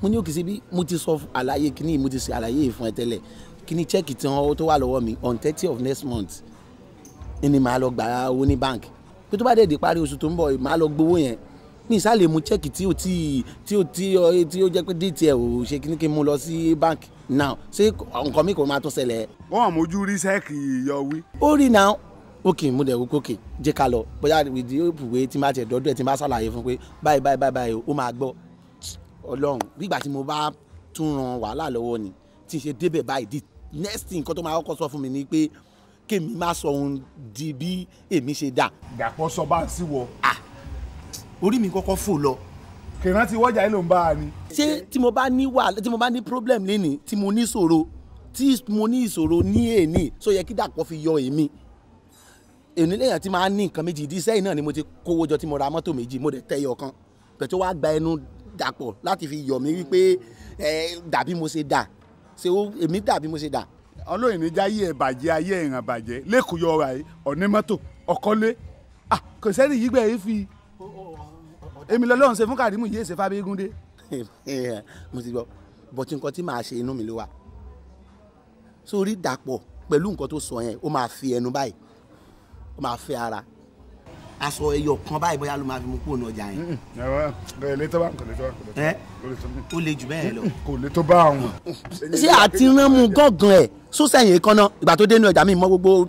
Speaker 6: mo ní òkè síbi mo ti sọ àlàyé kíní mo ti ṣe àlàyé ìfún ẹ tẹ́lẹ̀ kíní chẹ́ẹ̀kì tí wọ́n tó wà lọ́wọ́ mi on thirty of next month ni màá lọ gbà owó ní báǹkì pé tó bá dẹ̀ dé parí oṣù tó ń bọ̀ màá lọ gbowó yẹn ní ìsàlẹ̀ mu chẹ́ẹ̀kì tí o ti tí o ti tí o jẹ́ pé déètì ẹ̀ ò ṣe kí ni kí n mú lọ sí báǹkì now ṣé nǹkan mi kò máa tó ṣẹlẹ̀. wọ́n á mójú rí sẹ́ẹ̀kì yọ wí. ó rí now ok mo dẹ̀ wò kókè jẹ́ ká lọ bóyá ìdí òpùwé tí n bá tiẹ̀ dọ́dọ̀ ẹ̀ tí n bá ṣàlàyé fún pé báyìí báyìí báyìí ó máa gbọ́ ọlọ́run nígbà tí mo bá tún ran wàhálà lọ́wọ́ ni tí n ṣe débẹ̀ báyìí the next thing nǹkan tó máa kọ́kọ́ sọ fún mi ni pé kémi má sọ òun di bí èmi ṣe dà. Dàpọ̀ sọ bá ń sí wọ. orí mi kọ́kọ́ fò lọ. kìrán ti wọ́jà yìí ló ń bá a ni. ṣé tí mo bá ní wà tí mo bá ní problem lénìí tí mo ní ìṣòro tí mo ní ìṣòro ní èní sọ yẹ kí Dàpọ̀ fi yọ èmi èmi lèèyàn tí máa ń ní nǹkan méjì ìdí sẹ́yìn náà ni mo ti kówó jọ tí mo ra mọ́tò méjì mo dẹ̀ tẹ́yọ̀ kan pẹ̀tọ́ wá gba ẹnu Dàpọ̀ láti fi yọ̀ mí wípé dàbí mo ṣe dà ṣé èmi dàbí mo ṣe dà ọlọ́yìn níjà ayé ẹ̀ bàjẹ́ ayé ẹ̀ ràn bàjẹ́ lẹ́kọ̀ọ́ yọ ọ̀rọ̀ ọ̀ní mọ́tò ọ̀kọ́lé ah, kò sẹ́ni yìí gbẹ̀ yìí fi èmi lọ́lọ́run ṣe fún Kàrímù yìí ṣe Fábígúndé. mo ti gbọ́ bọ́tí nǹkan tí màá ṣe inú mi ló wà sórí dàpọ̀ pẹ̀lú nǹkan tó sọ yẹn ó máa fi ẹnu báyìí ó máa fi ara aṣọ ẹyọ kan báyìí bóyá ló máa fi mú kúrò náà jà yẹn. ẹ lè tó bá kò lè tó bá kò lè tó bá. ó lè jù bẹ́ẹ̀ lọ. kò lè tó bá àwọn. ṣé àti rán mu gángan ẹ̀ sósẹ̀yìn kan náà ìgbà tó dénú ọjà mi mọ gbogbo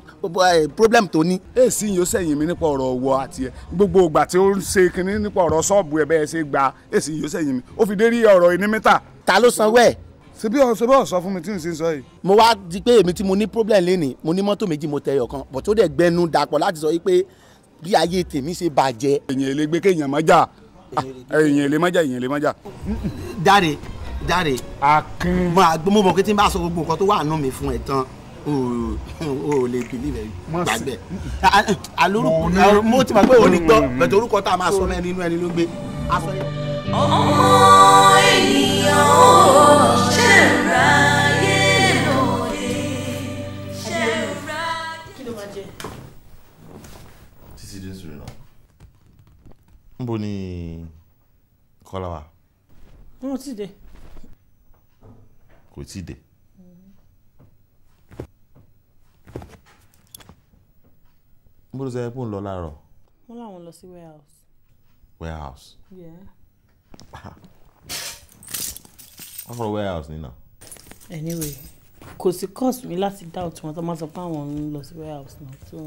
Speaker 6: problem tó ní. èsì yìí ó sẹ̀yìn mi nípa ọ̀rọ̀ ọ̀wọ́ àti ẹ̀ gbogbo ìgbà tí ó ń ṣe kinní nípa ọ̀rọ̀ ṣọ́ọ̀bù ẹ̀ bẹ́ẹ̀ ṣe gba èsì yìí ó sẹ̀yìn mi ó fi dé rí ọ̀rọ̀ ìní mítà. ta ló sanwó ẹ̀ ṣebí ọ ṣebí ọ sọ fún mi tí n ṣe ń sọ yìí. mo wá di pé èmi tí mo ní problem lénìí mo ní mọ́tò méjì mo tẹ ẹyọ kan bọ̀ tó dẹ̀ gbẹnu dàpọ̀ láti sọ yìí pé bí ayé tèmi ṣe bàjẹ́. èyàn èlé gbé kéèyàn mọ́jà ah, èyàn èlé mọ́jà èyàn èlé mọ́jà. dáre dáre akin mo àgbọn mo mọ pé tí n bá sọ gbogbo nǹkan tó wà nù mí fún ẹ tán o ò lè believe ẹ gbàgbẹ alórúkọ mo ti mọ pé òní gbọ́ mm. bẹtẹ orúkọ tá a máa sọ náà nínú ẹni ló gbé aṣọ yẹn. ọmọ
Speaker 5: ènìyàn ò ṣèrà.
Speaker 2: níbo ni kọ́lá wa. wọn ò tí ì dé. kò tí ì dé. níbo ló sọ pé ń lọ láàárọ̀.
Speaker 4: wọ́n láwọn lọ sí warehouse.
Speaker 2: warehouse. yeah. wọ́n fọ warehouse nínà.
Speaker 4: anyway kò sí cost mi láti dá òtún wọn tó máa sọ pé àwọn ń lọ sí warehouse náà tó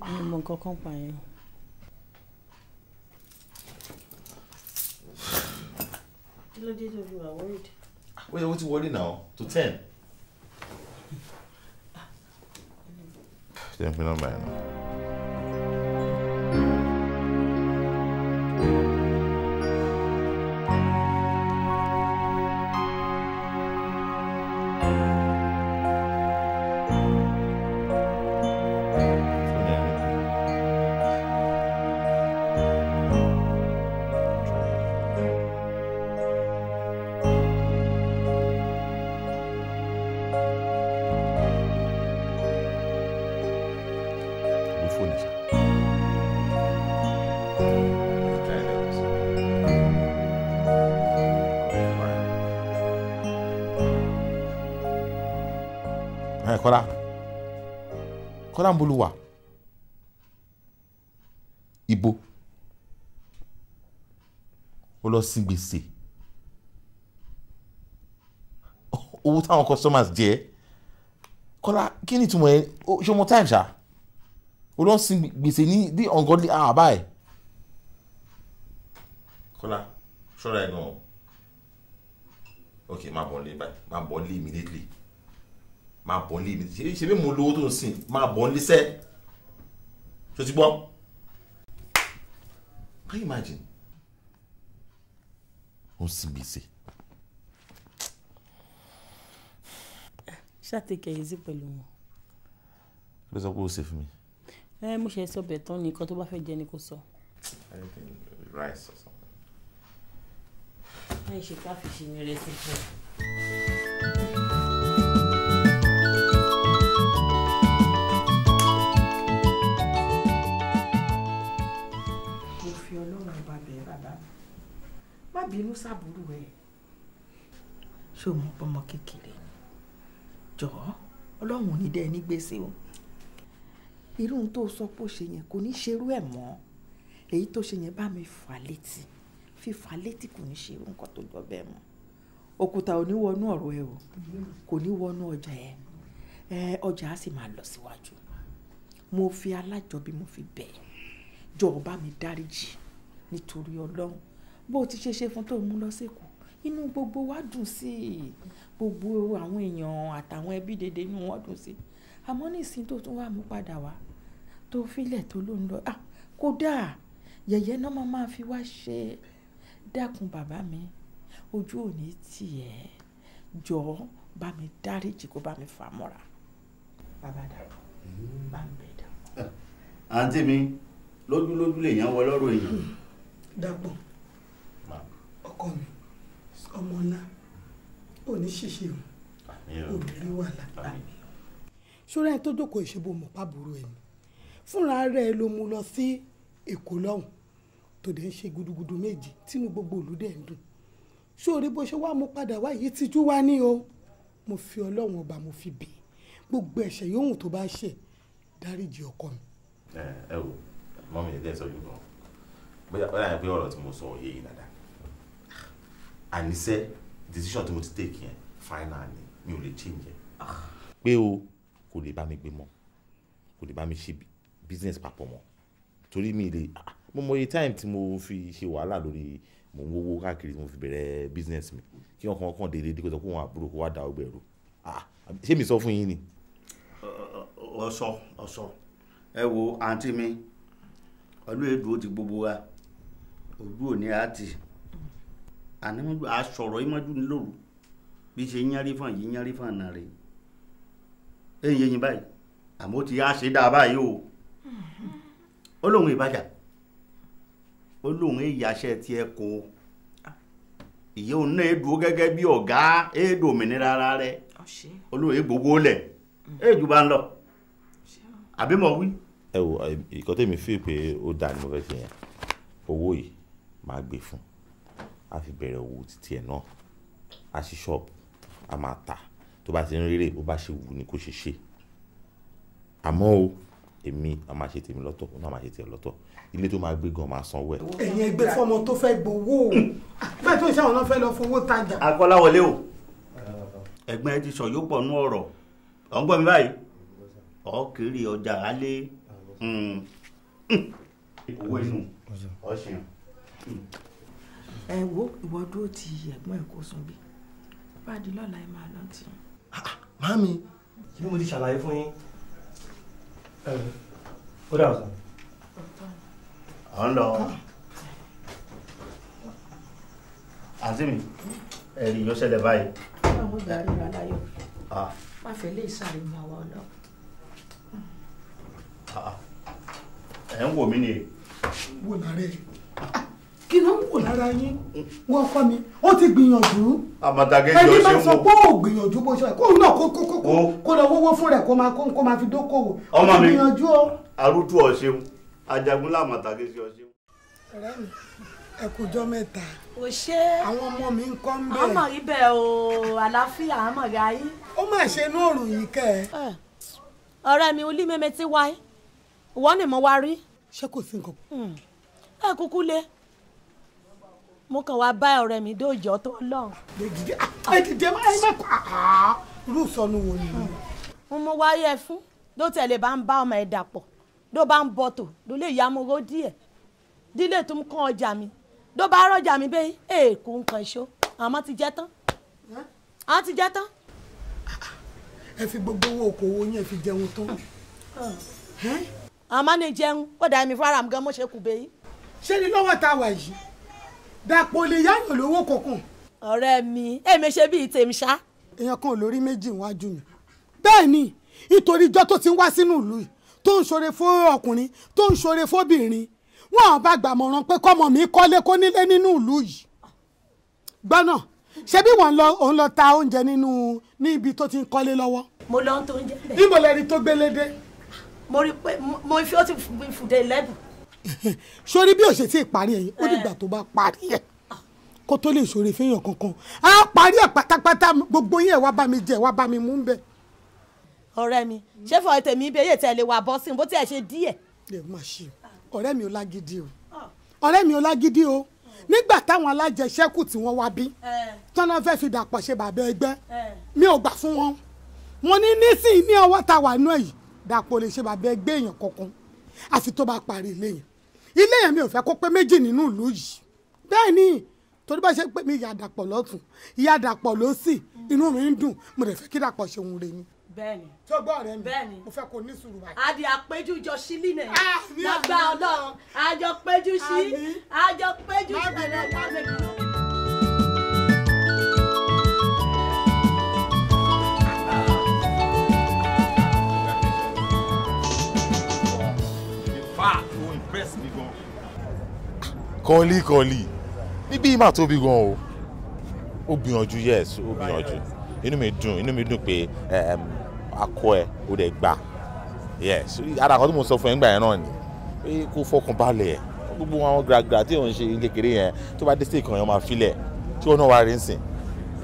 Speaker 4: ń mọ nǹkan kan pààyàn. k i ló d e s o fi wà worried.
Speaker 2: ó yẹ a ó ti wọlé náà to ten. ṣé n fi nọ́mbà yẹn náà. Kọ́lá ń ibo ó lọ sí gbèsè owó táwọn customers jẹ Kọ́lá kí ni ìtumọ̀ ẹ ṣé mo time ṣá ó lọ sí gbèsè ní the ungodly hour báyìí Kọ́lá ṣọ́ra ẹ̀ gan-an ok má bọ̀ lé báyìí má bọ̀ lé immediately máa bọ̀ nílé mi ṣe bí mo lówó tó ń sìn máa bọ̀ nílé sẹ́ ṣó ti gbọ́ can you imagine ó ń sin gbèsè.
Speaker 4: ṣàtìkẹ́ yìí sí pẹ̀lú wọn. ló sọ pé ó ṣe fún mi. ẹ mo ṣe sọ bẹ́ẹ̀ tán nìkan tó bá fẹ́ jẹ ni kò sọ. rice or ẹ ṣe ká ní rẹ sí fún ẹ. bàbá má bínú sábúrú ẹ ṣé o mọ ọmọ kékeré ni jọ̀ọ́ Ọlọ́run ò ní dẹ ní gbèsè o irú ohun tó sọ pé ó ṣe yẹn kò ní ṣerú ẹ̀ mọ́ èyí tó ṣe yẹn bá mi fà létí fífà létí kò ní ṣerú nǹkan tó jọ bẹ́ẹ̀ mọ́ òkúta ò ní wọnú ọ̀rọ̀ ẹ o kò ní wọnú ọjà ẹ ọjà á sì máa lọ
Speaker 6: síwájú mo fi alájọbí mo fi bẹ̀ jọ̀ọ́ bá mi dáríjì
Speaker 3: nítorí ọlọ́run bó o ti ṣe ṣe fún tó mú lọ sẹ́kù inú gbogbo wa dùn sí i gbogbo àwọn èèyàn àtàwọn ẹbí dédé inú wọn dùn sí i àmọ́ nísìnyí tó tún wà mú padà wá tó filẹ̀ tó ló ń lọ ah kódà yẹ̀yẹ́ náà máa máa fi wá ṣe dákun bàbá mi ojú ò ní tiẹ̀
Speaker 6: jọ̀ọ́ bá mi dáríjì kó bá mi fà mọ́ra bàbá dàrú hmm. bá mi bẹ̀ dàrú. àǹtí mi lójúlójú lèèyàn wọ lọ́rùn èèyàn dàpọ̀ ọkọ mi ọmọ ńlá òní ṣìṣe
Speaker 2: o
Speaker 6: obìnrin wà lápá mi. ṣọ́ra ẹni tó jókòó ìṣebò mọ̀ pàbùrù ẹ̀ ni fúnra rẹ̀ ló mú lọ sí èkó lọ́hùn tó dẹ̀ ń ṣe gudugudu méjì tínú gbogbo ìlú dẹ̀ ń dùn ṣóore bó ṣe wá mo padà wá yìí tìjú wá ní o mo fi ọlọ́run ọba mo fi bì í gbogbo ẹ̀ṣẹ̀ yòówù tó bá ṣẹ̀ dáríjì ọkọ mi.
Speaker 2: ẹ ẹ o mọ mi ẹ dẹ sọ yìí gan bóyá bóyá yẹn pé ọ̀rọ̀ tí mo sọ òye yìí dáadáa àníṣe decision tí mo ti take yẹn final ni mi ò lè change yẹn. pé o kò lè bá mi gbé mọ́ kò lè bá mi ṣe business papọ̀ mọ́ torí mi lè ah, mo mọ iye time tí mo fi ṣe wàhálà lórí mo ń wówó káàkiri mo fi bẹ̀rẹ̀ business mi kí wọn kàn kàn délé dípò tó kó wọn àbúrò kó wá da ọgbẹ ẹrú ah, ṣé mi sọ fún yín ni.
Speaker 6: ọ̀sọ̀ ọ̀sọ̀ ẹ wo àǹtí mi ọdún èdè ó ti gbogbo wa ojú ò ní àti ànámọ́jú àsọ̀rọ̀ ìmọ́jú ní lóru bí ṣe yánrí fún yìí yánrí fún àná rè éyìn yẹn báyìí àmọ́ ó ti yá ṣe dáa báyìí o ó lóun ìbàjá ó lóun èyàṣẹ tiẹ̀ kó ìyẹ́ òun náà dúró gẹ́gẹ́ bí ọ̀gá èèdò òmìnira ara rẹ olóòye gbogbo lẹ̀ èèjù bá ń lọ
Speaker 2: àbí mo wí. ẹ wo ìkọ́tẹ́mi fi pé ó dà ní mo fẹ́ ṣe yẹn owó yìí màá gbé fún un. A fi bẹ̀rẹ̀ òwò titi ẹ̀ náà. A ṣí ṣọ́ọ̀bù, a máa tà. Tó bá ti ń rérè, bó bá ṣe wù ú ni kó ṣe ṣe. Àmọ́ o, èmi a máa ṣe tèmi lọ́tọ̀, òun náà máa ṣe tiẹ̀ lọ́tọ̀. Ilé tó máa gbé gan máa sanwó ẹ̀.
Speaker 6: Ẹ̀yin ẹgbẹ́ fọmọ tó fẹ́ gbowó o. Bẹ́ẹ̀ tó ń ṣe àwọn náà fẹ́ lọ fowó tajà.
Speaker 2: Akọ́láwọlé o.
Speaker 6: Ẹ̀gbọ́n ẹ ti sọ yóò pọ̀ nú ọ̀rọ̀. Ọ̀ ń gbọ́ mi báyìí. Ọ̀ kiri ọjà alé. Hmm. Hmm. Owó inú. Ọ̀ṣìn ẹ wo ìwọ dúró ti ẹ̀gbọ́n ẹ̀ kó sùn bí
Speaker 3: bá di lọ́la ẹ máa lọ tì.
Speaker 6: Ah, ah, màámi ṣé mo ti ṣàlàyé fún yín ó dà sọ. ọ̀ ń lọ àzímì ẹ̀rí yóò ṣẹlẹ̀ báyìí.
Speaker 3: ọlọ́run ìgbà rí ra láyọ̀ ah. má fẹ́ lè sáré mọ́ àwa ọlọ́run.
Speaker 6: ẹ̀ ń wò mí ni. wò lára ẹ̀ kí ló ń wò lára yín wọ́n ọkọ mi ó ti gbìyànjú ẹni máa sọ pé ó gbìyànjú bó ṣe kó náà kó kó kó kó lọ wọ́wọ́ fún rẹ̀ kó máa kó máa fi dókòwò ó ti gbìyànjú o. arúgbó ọ̀ṣẹ́un ajagunlá àmọ̀tàgé ṣe ọ̀ṣẹ́un. ọ̀rẹ́ mi ẹ kú jọ mẹ́ta. o ṣe. àwọn ọmọ mi ń kọ́ ń bẹ̀. àmọ̀ rí bẹ́ẹ̀ o
Speaker 4: àlàáfíà àmọ̀ rí ayé. ó mà ṣe inú òrùn yìí kẹ́ ẹ. ọ̀rẹ́ mi olí mẹ́mẹ́ ti wáyé ìwọ ni mo wá rí. ṣé kò sí nǹkan. Hmm. ẹ kúkú lé mo kàn wá bá ọ̀rẹ́ mi dóòjọ́ tó lọ. èdìdẹ máa ń mẹ́kọ̀ irú ìsọnù wo ni. mo mọ wáyé ẹ fún ló tẹ̀lé bá ń bá ọmọ ẹ̀ dàpọ̀ ló bá ń bọ̀tò ló lè yá mọ́rọ́ díẹ̀ dílé tó ń kán ọjà mi ló bá rọjà mi bẹ́ẹ̀ èèkó nǹkan ṣó àmọ́ ti jẹ́ tán àmọ́ ti jẹ́ tán.
Speaker 6: ẹ fi gbogbo owó okòwò yín ẹ fi jẹun tán. àmọ́ ni jẹun ó dà mí fún ara mi gan mo ṣe kù bẹ́ẹ̀. ṣé ni lọ́wọ́ tá wà yìí dàpọ̀ lè yáyàn lówó kankan. ọ̀rẹ́ mi èmi ṣe bíi tèmi ṣá. èèyàn kan ò lórí méjì wájú mi bẹ́ẹ̀ ni nítorí ijọ́ tó ti ń wá sínú ìlú yìí tó ń ṣoore fún ọkùnrin tó ń ṣoore fóbìnrin wọn ò bá gbàmọ̀ràn pé kọ́mọ mi kọ́lé kó nílé nínú ìlú yìí gbọ́nà ṣé bí wọ́n lọ òun lọ ta oúnjẹ nínú ní ibi tó ti ń kọ́lé lọ́wọ́. mo lọ ń to oúnjẹ bẹ́ẹ̀. níbo lẹ́ni tó gbélé
Speaker 4: mo rí pé mo fi ó ti fùdé lẹ́bùn
Speaker 6: sórí bí òṣèṣe ìparí ẹ̀yìn ó dìgbà tó bá parí ẹ̀ kó tó lè ṣòro fẹ́yàn kankan á parí ẹ̀ pátápátá gbogbo yín ẹ̀ wá bá mi jẹ wá bá mi mú bẹ́ẹ̀.
Speaker 4: ọ̀rẹ́ mi ṣé fọ tèmi bí eyín tẹ̀lé wa bọ́ sí i bó tiẹ̀ ṣe díẹ̀. lè má ṣe o ọ̀rẹ́ mi ò lágídí o
Speaker 6: ọ̀rẹ́ mi ò lágídí o nígbà táwọn alájẹṣẹ́kù tí wọ́n wá bí tọ́nà fẹ́ fi dàpọ̀ ṣe bàbá ẹgbẹ́ mi ò gbà fún wọn mo ní nísìnyí ní ọwọ́ ta wà náà yìí dàpọ̀ lè ṣe bàbá ẹgbẹ́ èèyàn kankan àfi tó bá parí léyìn ilé yẹn mi ò fẹ́ kó pé méjì nínú ìlú yìí bẹ́ẹ̀ ni torí bá ṣe pé mi ìyá àdàpọ̀ lọ́tún ìyá àdàpọ̀ lọ́sì inú mi ń dùn mo lè fẹ́ kí dàpọ̀ ṣeun re ni.
Speaker 4: bẹ́ẹ̀ni tó gbọ́ ọ̀rẹ́ mi bẹ́ẹ̀ni mo fẹ́ kó ní sùúrù
Speaker 1: báyìí. àdì àpéjú jọ sílí nẹ lọgbà ah, Ọlọ́run àjọ péjú sí àjọ péjú sí ẹlẹgbẹ́.
Speaker 2: Fuck kọ́líkọ́lí bíbí ìmà tóbi gan o ó gbìyànjú yes ó gbìyànjú inú mi dùn inú mi dùn pé ehm, akọ ẹ ó dẹ̀ gbà yes ara kan tó mo sọ fún ẹ nígbà yẹn náà ni pé kó fọkàn balẹ̀ gbogbo àwọn gragra tí òun ṣe kékeré yẹn tó bá dé sí ìkànnì ọmọ àfilẹ̀ tí wọn náà wá rí nsìn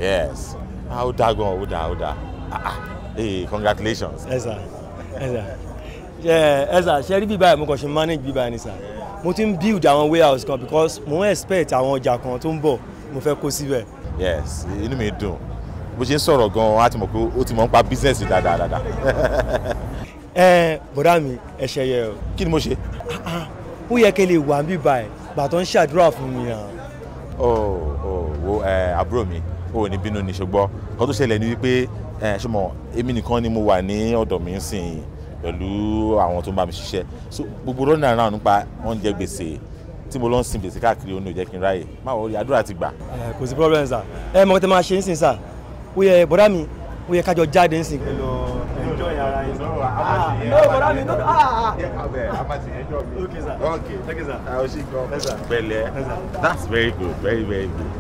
Speaker 2: yes ó dáa gan ó dáa ó dáa ah, ah. hey congratulations. ẹ sà
Speaker 5: ẹ sà
Speaker 6: ẹ sà ṣe rí bíbá ẹ mo kàn ṣe manage bíbá ẹ ní mo ti ń build àwọn warehouse kan because mo ń expect àwọn ọjà kan tó ń bọ̀ mo fẹ́ kó síbẹ̀.
Speaker 2: yes inú mi dùn bó ṣe ń sọ̀rọ̀ gan-an á ti mọ̀ pé ó ti mọ̀ ń business dáadáa dáadáa.
Speaker 6: ẹ bọ̀dá mi ẹ ṣe o. kí ni mo ṣe. Ah, ah, ó yẹ kí n lè wà níbí báyìí bàtọ́ ń ṣàdúrà fún mi hàn.
Speaker 2: o oh, o oh, wo àbúrò mi o ò ní bínú ní ṣùgbọ́n kan tó ṣẹlẹ̀ ni wípé ṣùgbọ́n èmi nìkan ni mo wà ní ọ̀dọ̀ mi ń sìn yìí pẹ̀lú àwọn tó ń bá mi ṣiṣẹ́ so gbogbo running around nípa oúnjẹ gbèsè tí mo lọ ń sin gbèsè káàkiri òun ò jẹ́ kí n ráyè má wọ́n rí àdúrà ti gbà.
Speaker 6: kò sí problem sir ẹ mọ̀ kí tẹ máa ṣe ń sìn sir ó yẹ bọ́dá mi ó yẹ kájọ jáde ń sìn. hello enjoy ara
Speaker 2: yín. no ah, bọ́dá mi no no ah. ah. okay sir okay thank you sir. Ah, pẹ̀lẹ́ that's very good very very good.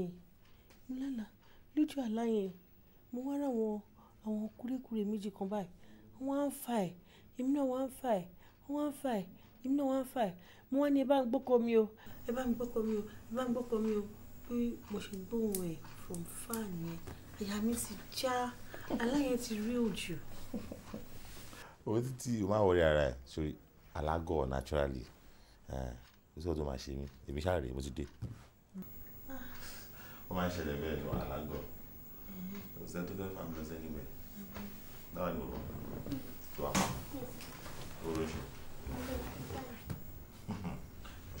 Speaker 4: yẹn mo lálà lójú àlá yẹn mo wá rà àwọn kúrékùré méjì kan báyìí wọ́n á ń fà ẹ̀ èmi náà wọ́n á ń fà ẹ̀ wọ́n á ń fà ẹ̀ èmi náà wọ́n á ń fà ẹ̀ mo wá ní ẹ bá ń gbọ́kọ mi o ẹ bá ń gbọ́kọ mi o ẹ bá ń gbọ́kọ mi o pé mo ṣe gbóhùn ẹ̀ from fan yẹn àyà mi ti já
Speaker 3: àlá yẹn ti rí òjò.
Speaker 2: òun ti ti máa wọlé ara ẹ sórí alágọ naturally ẹ ẹ sọ tó máa ṣe mí èmi ṣáà rèé mo ti dé. Comment je ń go. je vais te faire un peu de fà je vais te faire un peu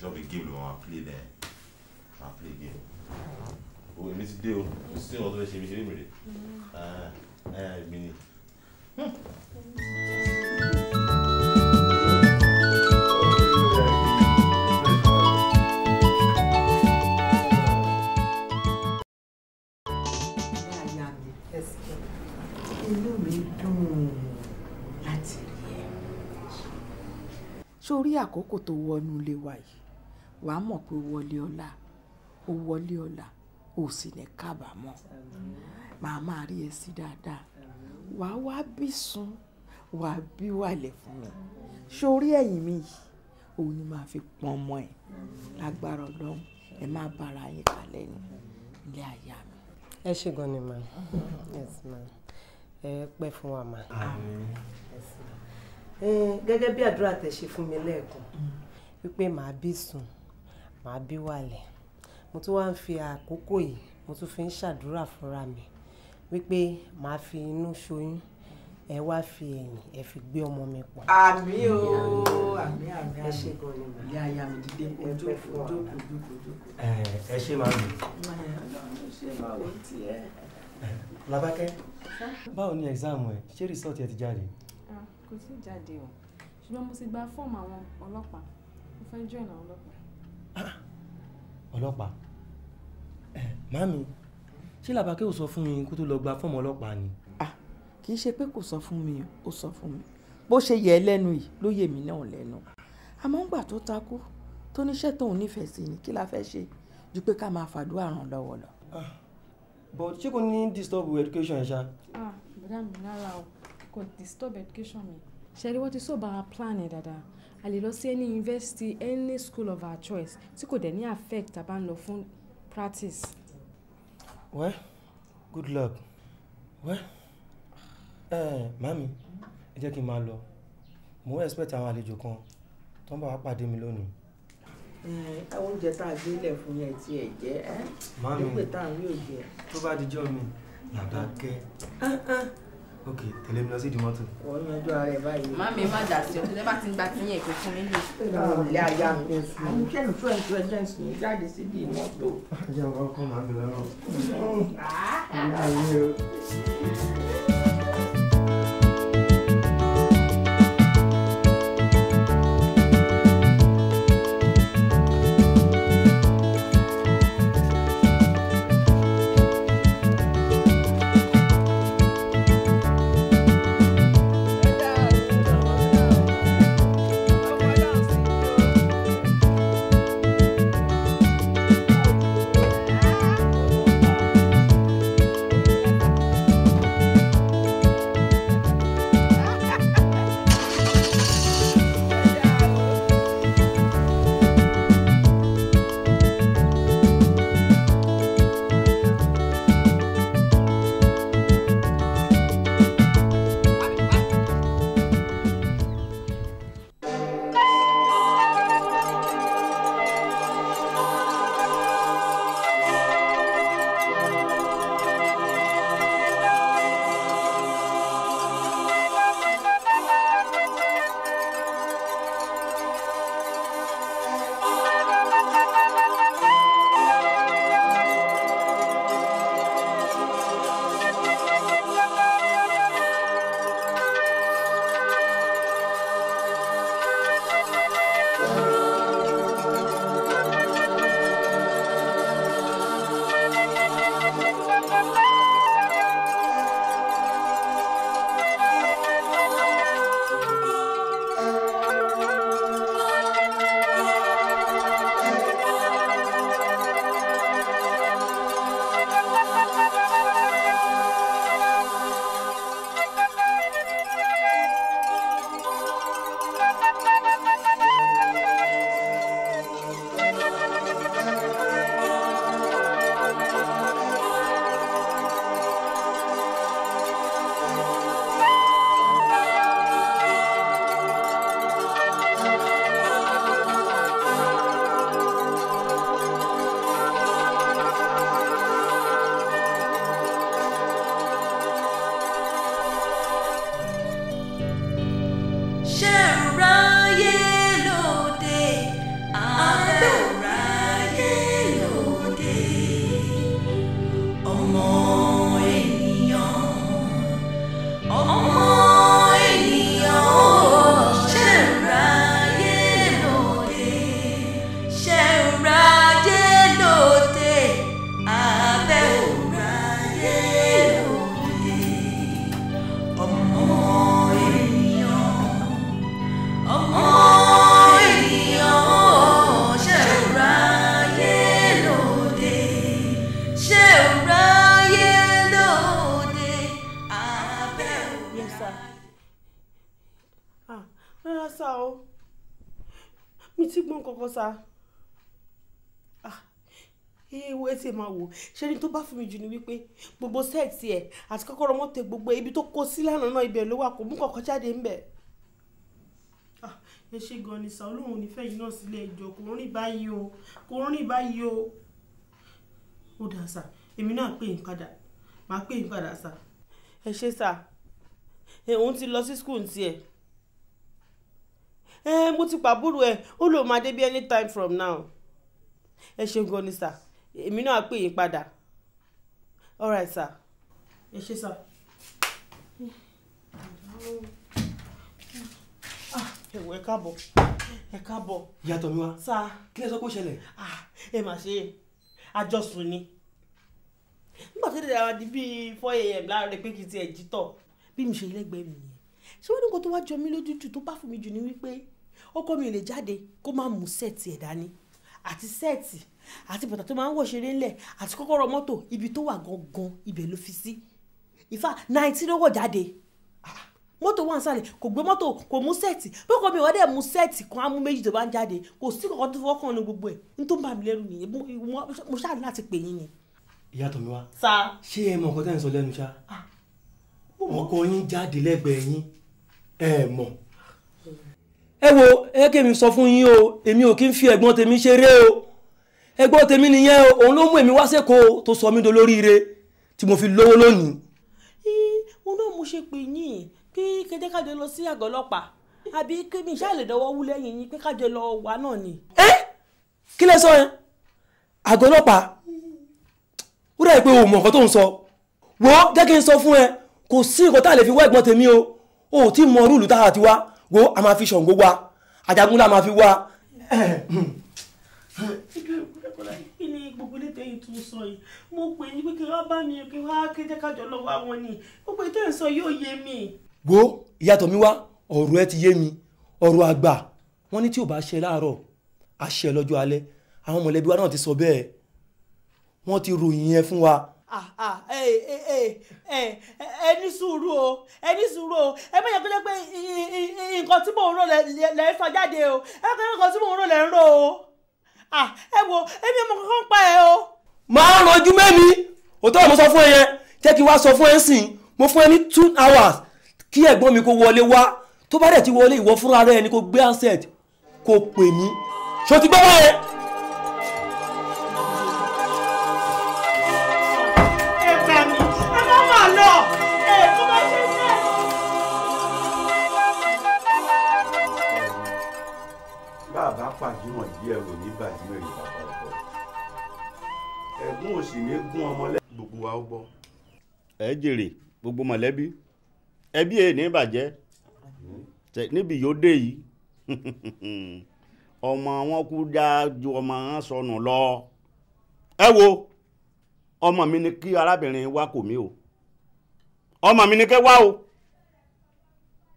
Speaker 2: de je vais te faire un game de je vais te faire un peu de ti Je vais te faire un peu de je vais te
Speaker 3: sórí àkókò tó wọnú ilé wa yìí wà á mọ̀ pé ó wọlé ọ̀la
Speaker 4: ó wọlé ọ̀la ó sì ní kábàámọ̀ màá máa rí ẹ sí dáadáa wàá wá bí sun wàá bí wàlẹ̀ fún mi sórí ẹ̀yìn mi yìí òun ni màá fi pọn ọmọ ẹ̀ lágbára ọlọ́run ẹ má bára yín kalẹ̀ ní ilé àyà mi. ẹ ṣe ni màá ẹ pẹ́ fún wa màá gẹ́gẹ́ bí àdúrà tẹ́ ṣe fún mi lẹ́ẹ̀kan wípé màá bí sùn màá bí wàlẹ̀ mo tún wá ń fi àkókò yìí mo tún fi ń ṣàdúrà fúnra mi wípé màá fi inú ṣoyún ẹ wá fi ẹ̀yìn ẹ fi gbé ọmọ mi pọ̀. àmì o àmì àmì ẹ ṣe gan ni mà. ìyá ìyá mi dìde ojú ojú
Speaker 6: ojú ojú. ẹ ṣe máa mi. ṣé báwo ni ẹ̀gzáàmù ẹ̀ ṣé rìsọ́ọ̀tì ẹ ti jáde.
Speaker 3: Ah kò tí ì jáde o ṣùgbọ́n mo ti gba fọ́ọ̀mù àwọn ọlọ́pàá mo fẹ́ join àwọn ọlọ́pàá. Ah,
Speaker 6: ọlọ́pàá eh, màámi ṣé làbákẹ́ ò sọ fún mi kó tó lọ gba fọ́ọ̀mù ọlọ́pàá ni. Ah, kì í ṣe pé kò sọ fún mi ó sọ fún mi bó ṣe yẹ ẹ́ lẹ́nu yìí ló yẹ mí náà lẹ́nu
Speaker 3: àmọ́ ńgbà tó takú tó níṣẹ́ tóun nífẹ̀ẹ́ sí ni kí la fẹ́ ṣe ju pé ká máa fàdúrà ràn lọ́wọ́ lọ. Ah, but ṣé
Speaker 6: kò ní disturb education ẹ̀ ṣá.
Speaker 3: ah bùdá mi lára o kò disturb education me? ṣẹ́ni wọ́n ti sọ bá a plan ẹ̀ dáadáa a lè lọ sí any university any school of our choice tí kò dẹ̀ ní affect tá a bá ń lọ fún practice.
Speaker 6: well good luck well Uh, ẹ mami ẹ jẹ́ kí n máa lọ mo ń expect àwọn àlejò kan tó ń bá wa pàdé mi lónìí. oúnjẹ tá a gbé lẹ̀ fún yẹn tí
Speaker 4: ẹ jẹ́ ẹ́ dípò tá a rí òjò ẹ̀. tó bá dijọ́ mi
Speaker 5: làbá kẹ́.
Speaker 3: Ah, ah
Speaker 6: ok tẹ̀lé mi lọ sí ìdímọ́tò.
Speaker 4: wọ́n ní ọjọ́ ààrẹ báyìí. má mi má dà sí ọ tẹ́lẹ̀ bá ti ń
Speaker 3: gba ti yẹn ìpè fún mi lè. ọ̀lẹ́ àyà mi àwọn kẹ́nu tó ẹ̀ńtú ẹ̀jẹ̀ sùn ní jáde sí ibi ìmọ́tò. ajá ọkọ máa ń bẹ̀rẹ̀ lọ.
Speaker 6: ṣé ní tó bá fún mi jù ni wípé gbogbo sẹ́ẹ̀tì ẹ̀ àti kọ́kọ́rọ́ mọ́tò gbogbo ibi tó kó sí lánàá náà ibẹ̀ ló wà kó mú kọ̀ọ̀kan jáde ńbẹ̀. Ah, ẹ ṣe gan ni sàó lóun nífẹ̀ẹ́ yìí náà sílé ìjọ kò rìn báyìí o kò rìn báyìí o. ó dà sà èmi náà pè yín padà màá pè yín padà sà. ẹ ṣe sà òun ti lọ sí skul tiẹ̀ mo ti pàbúrò ẹ ó lò máa dé anytime from now ẹ ṣeun gan ni sà èmi náà pè yín padà all right sir. ẹ ṣe sá. ẹ̀wọ̀ ẹ káàbọ̀ ẹ káàbọ̀. yàtọ̀ mi wá. sá. kí lẹ sọ kó ṣẹlẹ̀. ẹ mà ṣe àjọsùn ni nígbà tó dé àwọn di bíi four a.m. láàárọ̀ pé kì í tiẹ̀ jí tọ̀
Speaker 4: bí mi ṣe lẹ́gbẹ̀ẹ́ mi nìyẹn ṣé wọ́n ní nǹkan tó wá jọ mí lójú jù tó bá fún mi jù ni wípé
Speaker 6: ọkọ mi ò lè jáde kó má mú sẹ́ẹ̀tì ẹ̀ dání àti sẹ́ẹ̀tì àti bàtà tó máa ń wọ̀ ṣeré ńlẹ̀ àti kọ́kọ́rọ́ mọ́tò ibi tó wà gangan ibẹ̀ ló fi sí in fact náìtì ló wọ̀ jáde ah, mọ́tò wà nsàlẹ̀ kò gbé mọ́tò kò mú sẹ́ẹ̀tì bọ́kọ mi ìwádìí mú sẹ́ẹ̀tì kan á mú méjì tó bá ń jáde kò sí kankan tó fọwọ́ kàn ní gbogbo ẹ̀ n tó ń bà mí lẹ́rù nìyẹn mo
Speaker 4: ṣáà ní láti pè yín ni.
Speaker 6: ìyá tọ̀mí wa ṣé ẹ mọ nǹkan tẹ́ ń sọ lẹ́nu ṣá ah. ọkọ yín jáde lẹ́gbẹ̀ẹ́ yín ẹ mọ̀. ẹ wo ẹ kí sọ fún yín o èmi ò kí ń fi ẹ̀gbọ́n tèmi ṣeré o ẹgbọ́n tèmi nìyẹn o òun ló mú èmi wá sẹ́kọ̀ọ́ tó sọ mí dolóríire tí mo fi lówó lónìí. òun náà mo ṣe pè yín pé kẹjẹkájọ lọ sí àgọ́ ọlọ́pàá àbí kémi ìṣá lè dọwọ́ wú lẹ́yìn yín pé kájọ lọ wà náà ni. ẹ kí lẹ sọ yẹn àgọ́ ọlọ́pàá ó dà pé o mọ̀ nǹkan tó ń sọ wò ó jẹ́ kí n sọ fún ẹ kò sí nǹkan tá a lè fi wá ẹ̀gbọ́n tèmi o o ò tí mọ rúùlù tá a ti wá wo a máa fi ṣàngó wa àjàgúnlá máa fi wá kọ́lá yìí. kí ni gbogbo ilé tẹ̀yìn tó ń sọ yìí mo pè é pé kí wọ́n bá mi kí wọ́n á ké jẹ́ kájọ lọ́wọ́ àwọn ni gbogbo ètò ìsọ yóò yé mi. wo ìyàtọ̀ mi wá ọ̀rọ̀ ẹ ti yé mi ọ̀rọ̀ àgbà wọ́n ní tí ò bá ṣe láàárọ̀ á ṣe lọ́jọ́ alẹ́ àwọn mọ̀lẹ́bí wa náà ti sọ bẹ́ẹ̀ wọ́n ti ròyìn yẹn fún wa ẹni sùúrù o ẹni sùúrù o ẹ bẹ́ẹ̀ yẹ kí lè nǹkan tí mò ń rò lẹ́ sọ jáde o ẹ kí nǹkan tí mò ń rò lẹ́ ń rò o. Ah, ẹ wo èmi ọmọ kankan pa ẹ o. máa rànjú mẹ́mi òótọ́ mo sọ fún ẹ yẹn jẹ́ kí wá sọ fún ẹ sìn mo fún ẹ ní two hours kí ẹ̀gbọ́n mi kó wọlé wá tó bá dẹ̀ ti wọlé ìwọ fúnra rẹ ni kó gbé handset kó pè mí ṣó ti gbọ́ báyẹn. fàjúmọ̀ díẹ̀ rò ní bàjẹ́ rè bàbá ọkọ ẹ̀gún òsì ní gún ọmọ lẹ́yìn gbogbo wa ó gbọ́. ẹ jèrè gbogbo mọ̀lẹ́bí ẹbí ẹ̀ ní bàjẹ́ níbi yóò dé yìí ọmọ wọn kú dáa ọmọ wọn sọnù lọ ẹ wo ọmọ mi ni kí arábìnrin wa kò mí o ọmọ mi ni kẹ wá o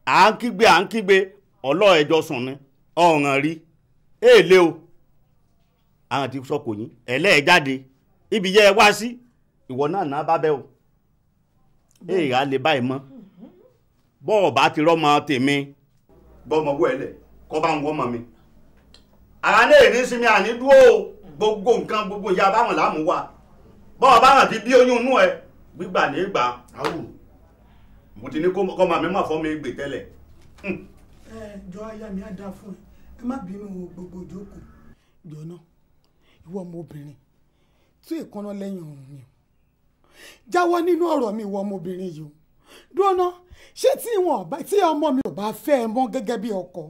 Speaker 6: à ń kígbe à ń kígbe ọlọ́ọ̀ẹ́jọ sùn ni ọ̀ràn rí. èèlé o àwọn ti sọ kò yín ẹlẹ́ẹ̀jáde ibi yẹ ẹ wá sí ìwọ náà náà bá bẹ́ o èèyàn lè báyìí mọ́ bọ́ọ̀ bá ti rọ́mọ tèmi bọ́ọ̀mọ wọ ẹlẹ̀ kọ́ bá ń wọ́mọ mi ara náà sinmi àní dúró gbogbo nǹkan gbogbo ìyá báwọn wa bọ́ọ̀ báwọn ti bí oyún inú ẹ gbígbà ní mo aya mi á fún ẹ ẹ má bínú gbogbo ìjókòó. jọ̀nà ìwọ ọmọbìnrin tún èkánná lẹ́yìn ọ̀run mi o jáwọ́ nínú ọ̀rọ̀ mi ìwọ ọmọbìnrin yìí o dúró ṣé tí wọn tí ọmọ mi ò bá fẹ́ ẹ mọ́ gẹ́gẹ́ bí ọkọ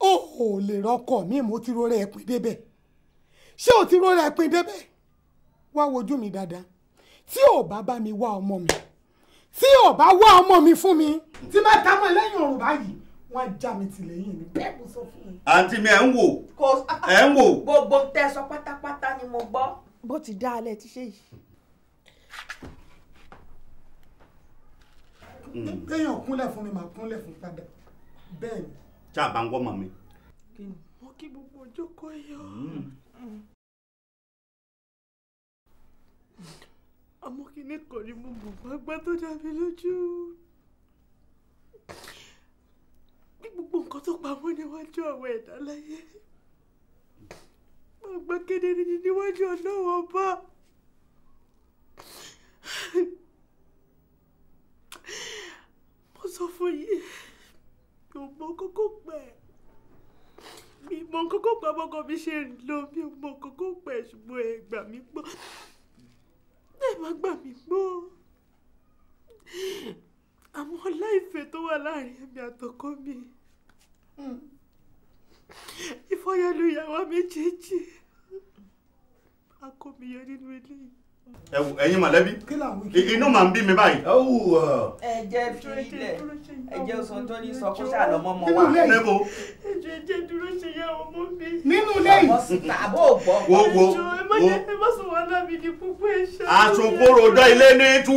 Speaker 6: o ò lè rọ́kọ mi mo ti rọra ẹ̀pin débẹ̀ ṣé o ti rọra ẹ̀pin débẹ̀ wá wojú mi dáadáa tí ò bá bá mi wá ọmọ mi tí ò bá wá ọmọ mi fún mi tí má ta lẹ́yìn ọ̀run báyìí wọ́n já mi tì lẹ́yìn ni bẹ́ẹ̀ mo sọ fún mi. àǹtí mi ẹ̀ ń wò ẹ̀ ń wò. gbogbo tẹ sọ pátápátá ni mo gbọ́. bó ti dá alẹ́ ti ṣe yìí. téèyàn hmm. kúnlẹ̀ fún mi màá kúnlẹ̀ fún padà bẹ́ẹ̀ ni. ṣé àbá ń wọ́mọ̀ mi. mo kí gbogbo ojókòó yọ. Hmm. ọmọ kìíní kan ni mo mọ̀ wá gbá tó dá lójú ní gbogbo nǹkan tó pamọ́ níwájú àwọn ẹ̀dá láyé máa gbọ́ kedere ní níwájú ọlọ́wọ́ ọba mo sọ fún yìí mi ò mọ kókó pẹ́ mi mọ kókó pẹ́ bọ́kọ mi ṣe rìn lọ mi ò mọ kókó pẹ́ ṣùgbọ́n ẹ gbà mí gbọ́ ẹ má gbà mí gbọ́ àmọ́ láìfẹ́ tó wà láàrin èmi àtọkọ mi. Hmm. ìfọyà lu ìyàwó méjèèjì akọmiyàn nínú eléyìí. ẹ wò ẹ̀yin mọ̀lẹ́bí inú màá ń bí mi báyìí. ẹ jẹ́ fílẹ̀ ẹ jẹ́ oṣù tó ní sọ kó ṣàlọ́ mọ́ mọ́ wa. níbo. ẹ jẹ́ ẹ jẹ́ dúró ṣe yá ọmọ mi. nínú ilé yìí. àbọ̀ síta àbọ̀ ògbọ́. wo wo wo. ẹ má sọ wọn lábìdí púpọ̀ ẹ ṣe. àtúnkòrò dán ilé ní tú.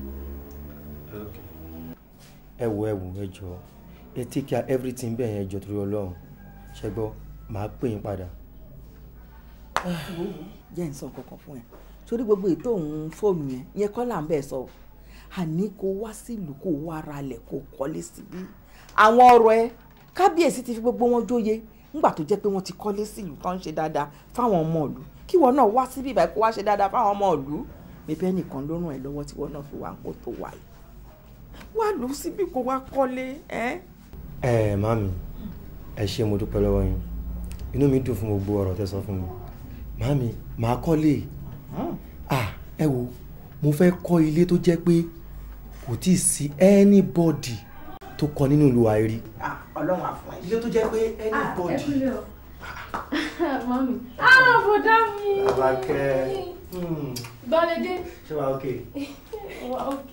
Speaker 6: ẹ wo ẹ wò ẹ jọ ẹ take care everything bẹ́ẹ̀ yẹn jọ torí ọlọ́run ṣe gbọ́ màá pè yín padà.
Speaker 4: jẹ́ ń sọ kankan fún ẹ torí gbogbo ètò òun fóònù yẹn yẹn kọ́ là ń bẹ̀ sọ àní kó wá sílùú kó wá ara lẹ̀ kó kọ́lé síbí àwọn ọ̀rọ̀ ẹ kábíyèsí ti fi gbogbo wọn jóye
Speaker 6: ńgbà tó jẹ́ pé wọ́n ti kọ́lé sílùú tó ń ṣe dáadáa fáwọn ọmọ ìlú kí wọn náà wá síbí báyìí kó wá ṣe dáadáa fáwọn ọmọ ìlú mi bẹ́ẹ̀ nìkan ló ràn ẹ́ lọ́wọ́ tí wọn náà fi wá ń kó tó wà wà lù ú síbi kó wá kọ́lé ẹ. ẹ ẹ màmí ẹ ṣé mo dúpẹ́ lọ́wọ́ yín inú mi dùn fún gbogbo ọ̀rọ̀ tẹ́ sọ fún mi màmí màá kọ́lé ah ẹ wo mo fẹ́ kọ́ ilé tó jẹ́ pé kò tí ì sí anybody tó kọ́ nínú ìlú wa rí. ọlọ́run àfọ̀n ilé tó jẹ́ pé anybody.
Speaker 3: mami ah bọ̀dá mi. Làbákẹ́. gbọ́lẹ́dẹ́. ṣé wàá ok. wàá ok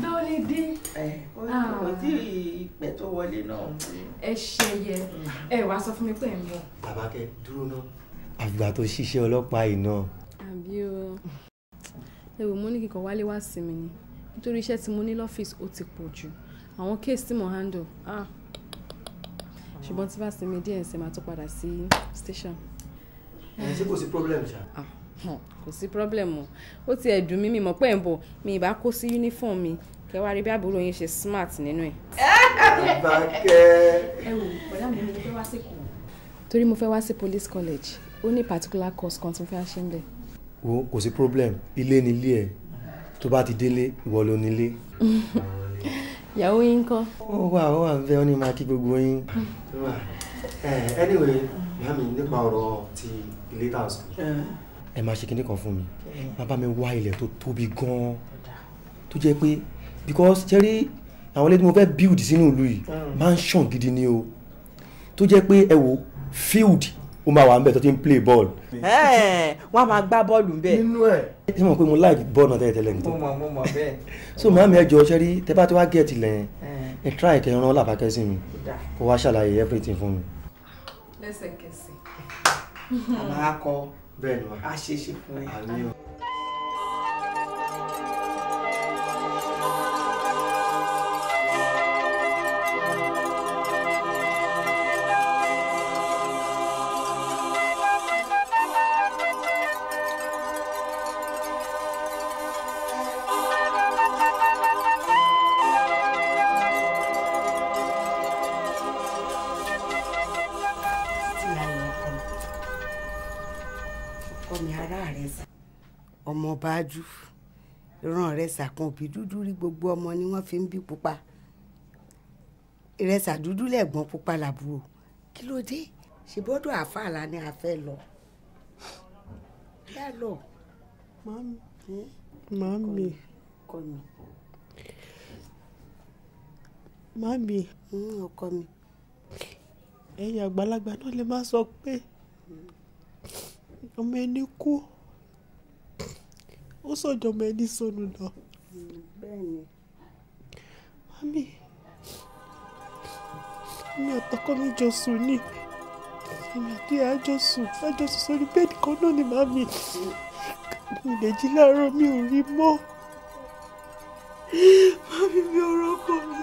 Speaker 3: lórí dé. kò tí ah. ìpẹ́ tó wọlé náà. ẹ ṣe yẹ mm-hmm. ẹ wàá sọ fún mi pé ẹ mọ. babakẹ dúró náà.
Speaker 6: àgbà tó ṣiṣẹ́ ọlọ́pàá yìí náà.
Speaker 3: àbí o ẹ wò mo ní kíkọ wálé wá sí mi ni nítorí iṣẹ́ tí mo ní lọ́fíìsì ó ti pọ̀ jù àwọn kéèsì tí mo handle ah ṣùgbọ́n tí bá sinmi díẹ̀ ṣe máa tún padà sí station. ẹ ṣé
Speaker 6: kò sí problem ṣá. ah
Speaker 3: Hmm, kò sí problem o ó ti ẹ̀dùn mi mi mọ̀ pé ń bọ̀ mi ìbá kó sí uniform mi kẹ wá rí bí àbúrò yín ṣe smart nínú ẹ̀. ìbákẹ́. ẹ wò bọ̀dá mi mo fẹ́ wá sí kù. torí mo fẹ́ wá sí police college ó ní particular course kan tí mo fẹ́ ṣe ń bẹ̀.
Speaker 6: wo kò sí problem ilé nílé ẹ tó bá ti délé ìwọ ló nílé.
Speaker 3: ìyàwó yín kọ́. ó
Speaker 6: wà ó wà ń ó ní máa kí gbogbo yín. anyway mami nípa ọ̀rọ̀ ti ilé tàwọn sọ ẹ máa ṣe kinní kan fún mi bàbá mm. mi wá ilẹ̀ tó tóbi gan-an tó jẹ́ pé because jẹ́rí àwọn ilé tí mo fẹ́ build sínú ìlú yìí mansion mm. gidi ni o tó jẹ́ pé ẹ wo field ó máa wà ń bẹ̀ tó ti ń play ball. wọ́n á máa gbá bọ́ọ̀lù ń bẹ̀. nínú ẹ̀. ṣé mo pé mo like bọ́ọ̀lù náà tẹ́lẹ̀ tẹ́lẹ̀ nìkan. mo
Speaker 4: mọ̀ mo mọ̀ bẹ́ẹ̀.
Speaker 6: so màámi ẹ jọ ṣẹ́rí tẹ bá ti wá gẹ̀ẹ́tì lẹ́yìn ẹ try kẹ ran làbákẹ́ sí mi kó wá ṣàlàyé everything fún mi.
Speaker 3: lẹ́sẹ̀kẹsẹ̀. àmàkọ
Speaker 4: bẹ́ẹ̀ ni wà á ṣe ṣe fún yín ṣáájú ìran ìrẹsà kan òbí dúdú rí gbogbo ọmọ ni wọ́n fi ń bí pupa ìrẹsà dúdú lẹ́gbọ́n pupa làbúrò kí ló dé ṣèbọ́dọ̀ àfàlà ni a fẹ́ lọ. yálò. màmí màmí mami màmí. ọkọ hmm, mi. ẹ̀yin
Speaker 6: àgbàlagbà náà lè má sọ pé hmm. ọmọ ẹni kú ó sọ̀jọ̀ mọ ẹni sọnù lọ. bẹ́ẹ̀ni. mami mi àtọkọ mi jọ sùn ni èmi àti àjọ sùn àjọ sùn sórí bẹ́ẹ̀dì kan náà ni mami mi lè jí láàárọ̀ mi ò rí mọ́ mami mi ò rọ́kọ mi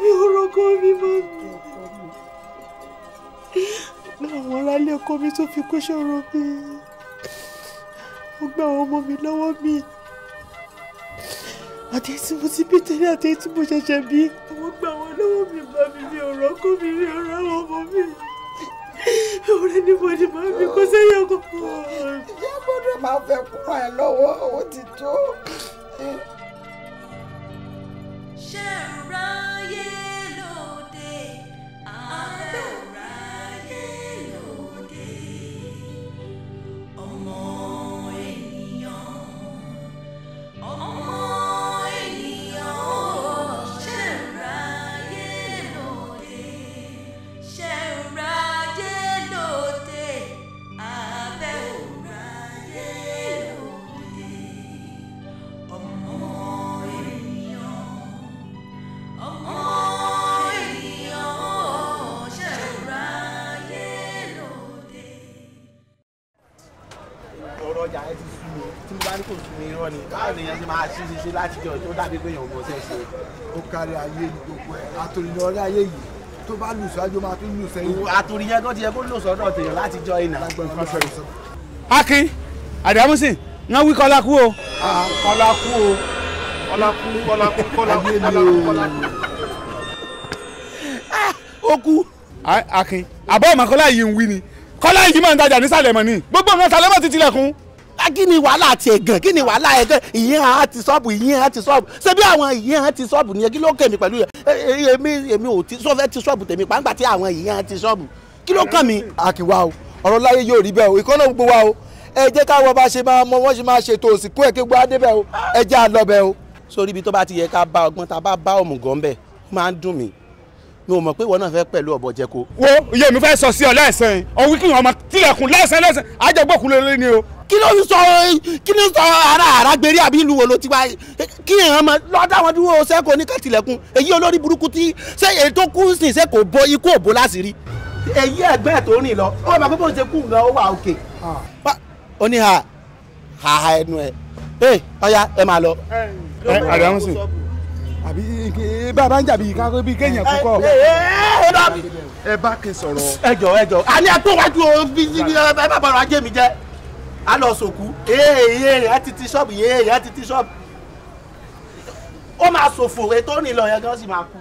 Speaker 6: mi ò rọ́kọ mi mami láwọn aráalé ọkọ mi tó fi kó ṣòro bíi ó gbà àwọn ọmọ mi lọ́wọ́ mi àti tí mo ti bí tẹ́lẹ̀ àti tí mo ṣẹ̀ṣẹ̀ bí
Speaker 5: wọ́n gbà wọ́n lọ́wọ́ mi bá mi mi ò rọ́kùn mi mi ò ráwọ̀ ọmọ mi ọ̀rẹ́ ni mo ní máa mi kó sẹ́yìn ọkọ̀.
Speaker 6: ìyá gbọ́dọ̀ máa fẹ́ kúrò ẹ̀ lọ́wọ́ ó ti tó. látijọ́ tó dàbí pé èèyàn mọ̀ ṣẹ́ṣe. ó kárí ayé ní gbogbo ẹ̀ àtòrìnà ọ̀rẹ́ ayé yìí tó bá lù sáájú máa tún lù sẹ́yìn. àtòrìyẹn gan ti yẹ kó lò sọ́dọ̀ tèèyàn látijọ́ ìnà. akin àdàmúsìn wọn wí kọlá kú o. kọlá kú o kọlá kú kọlá kú kọlá kú kọlá kú. Ah, ó kú. akin àbọ̀ ọmọ kọlá yìí ń wí ni kọlá yìí máa ń tajà nísàlẹ̀ mọ́ ni gbogbo nǹkan sàlẹ̀ mọ́ ti tilẹ̀kùn kí ni wàhálà àti ẹ̀gàn kí ni wàhálà ẹ̀gàn ìyẹn á ti sọ́ọ̀bù ìyẹn á ti sọ́ọ̀bù ṣé bí àwọn ìyẹn á ti sọ́ọ̀bù nìyẹn kí ló kẹ́ mi pẹ̀lú yẹn èmi èmi ò ti sọ́fẹ́ ti sọ́ọ̀bù tèmi pàǹgbà tí àwọn ìyẹn á ti sọ́ọ̀bù kí ló kàn mí. àkìwá o ọ̀rọ̀ láyé yóò rí bẹ́ẹ̀ o ìkọ́nà gbogbo wa o ẹ jẹ́ káwọn bá ṣe máa mọ wọ́n ṣe máa ṣètò òsìnkú ẹ̀ mi ò mọ̀ pé ìwọ náà fẹ́ pẹ̀lú ọ̀bọ jẹko. wo iye mi fẹ́ sọ sí ọ lẹ́sẹ̀ ọ̀wí kí ọmọ tilẹ̀kùn lẹ́sẹ̀ lẹ́sẹ̀ àjẹgbọ́kùn lórí ni o kí ló ń sọ kí ló ń sọ ara ara gbèrè àbí ìlú wo ló ti wá kí èèyàn mọ lọ́dọ̀ àwọn dúró sẹ́kọ̀ọ́ ní kàtìlẹ̀kùn èyí olórí burúkú tí ṣé èyí tó kú sìn ṣe kò bo ikú òbó láṣìírí. èyí ẹgbẹ́ ẹ̀ tó rìn lọ ó máa pé bóun ṣe kú gan ó wà òkè. Ah. ó ní ha ha ẹnu ẹ ẹ ọya ẹ máa lọ. àdéhùn sí àbí bàbá ń jàbí kákó bí kéèyàn kúkọ. ẹ bá kí n sọ̀rọ̀. ẹ jọ ẹ jọ àní ẹ tó wájú o bí bí ẹ bá bàrọ̀ ajé mi jẹ́ a lọ sòkú èèyàn á ti ti ṣọ́ọ̀bù èèyàn á ti ti ṣọ́ọ̀bù ó máa ṣòfò ètò òní lọ yẹn gan sì máa kú.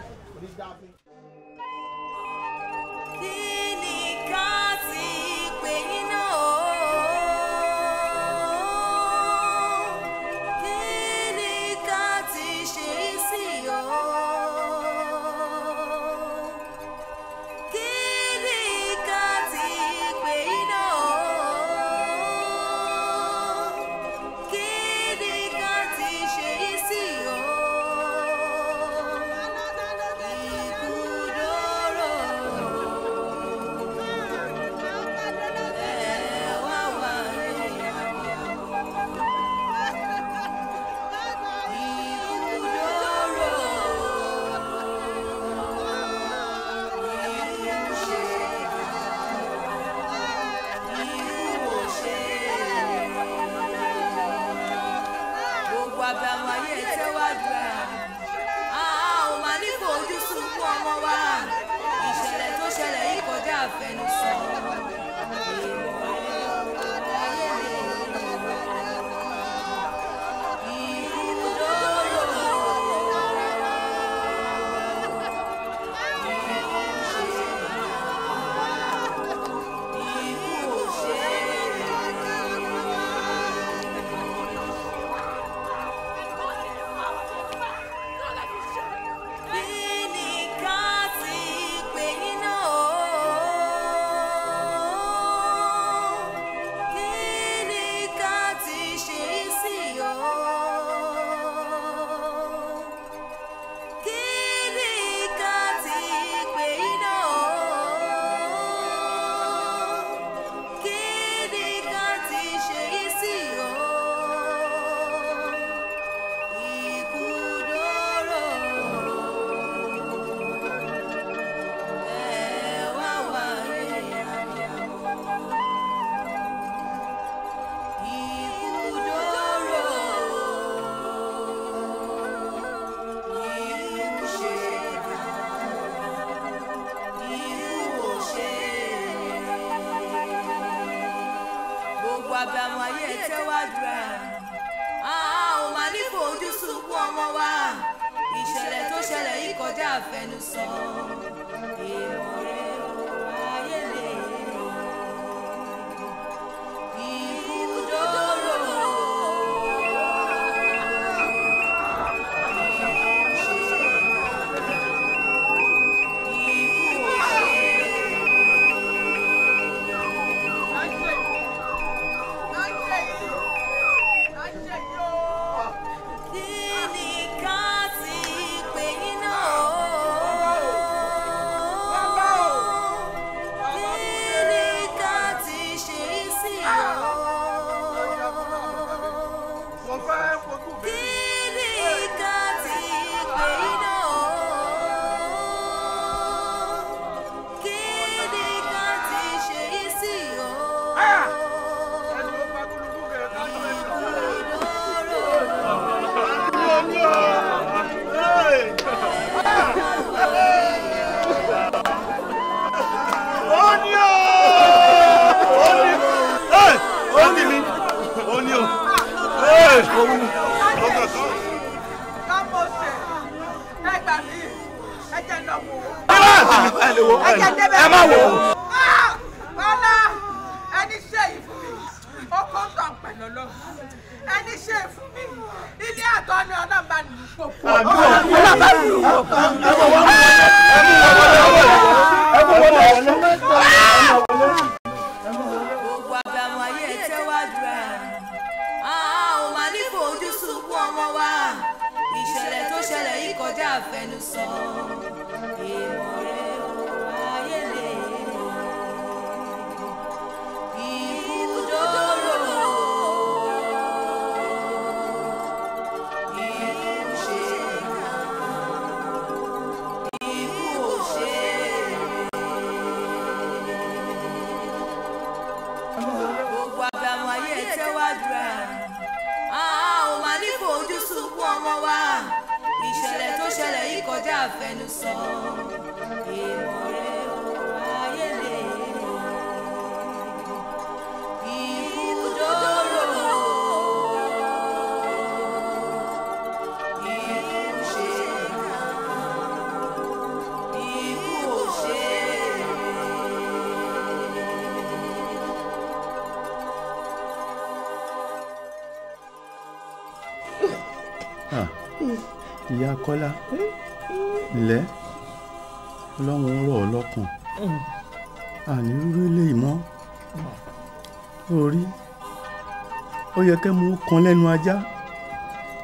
Speaker 6: yẹ kẹ́mu ó kan lẹ́nu ajá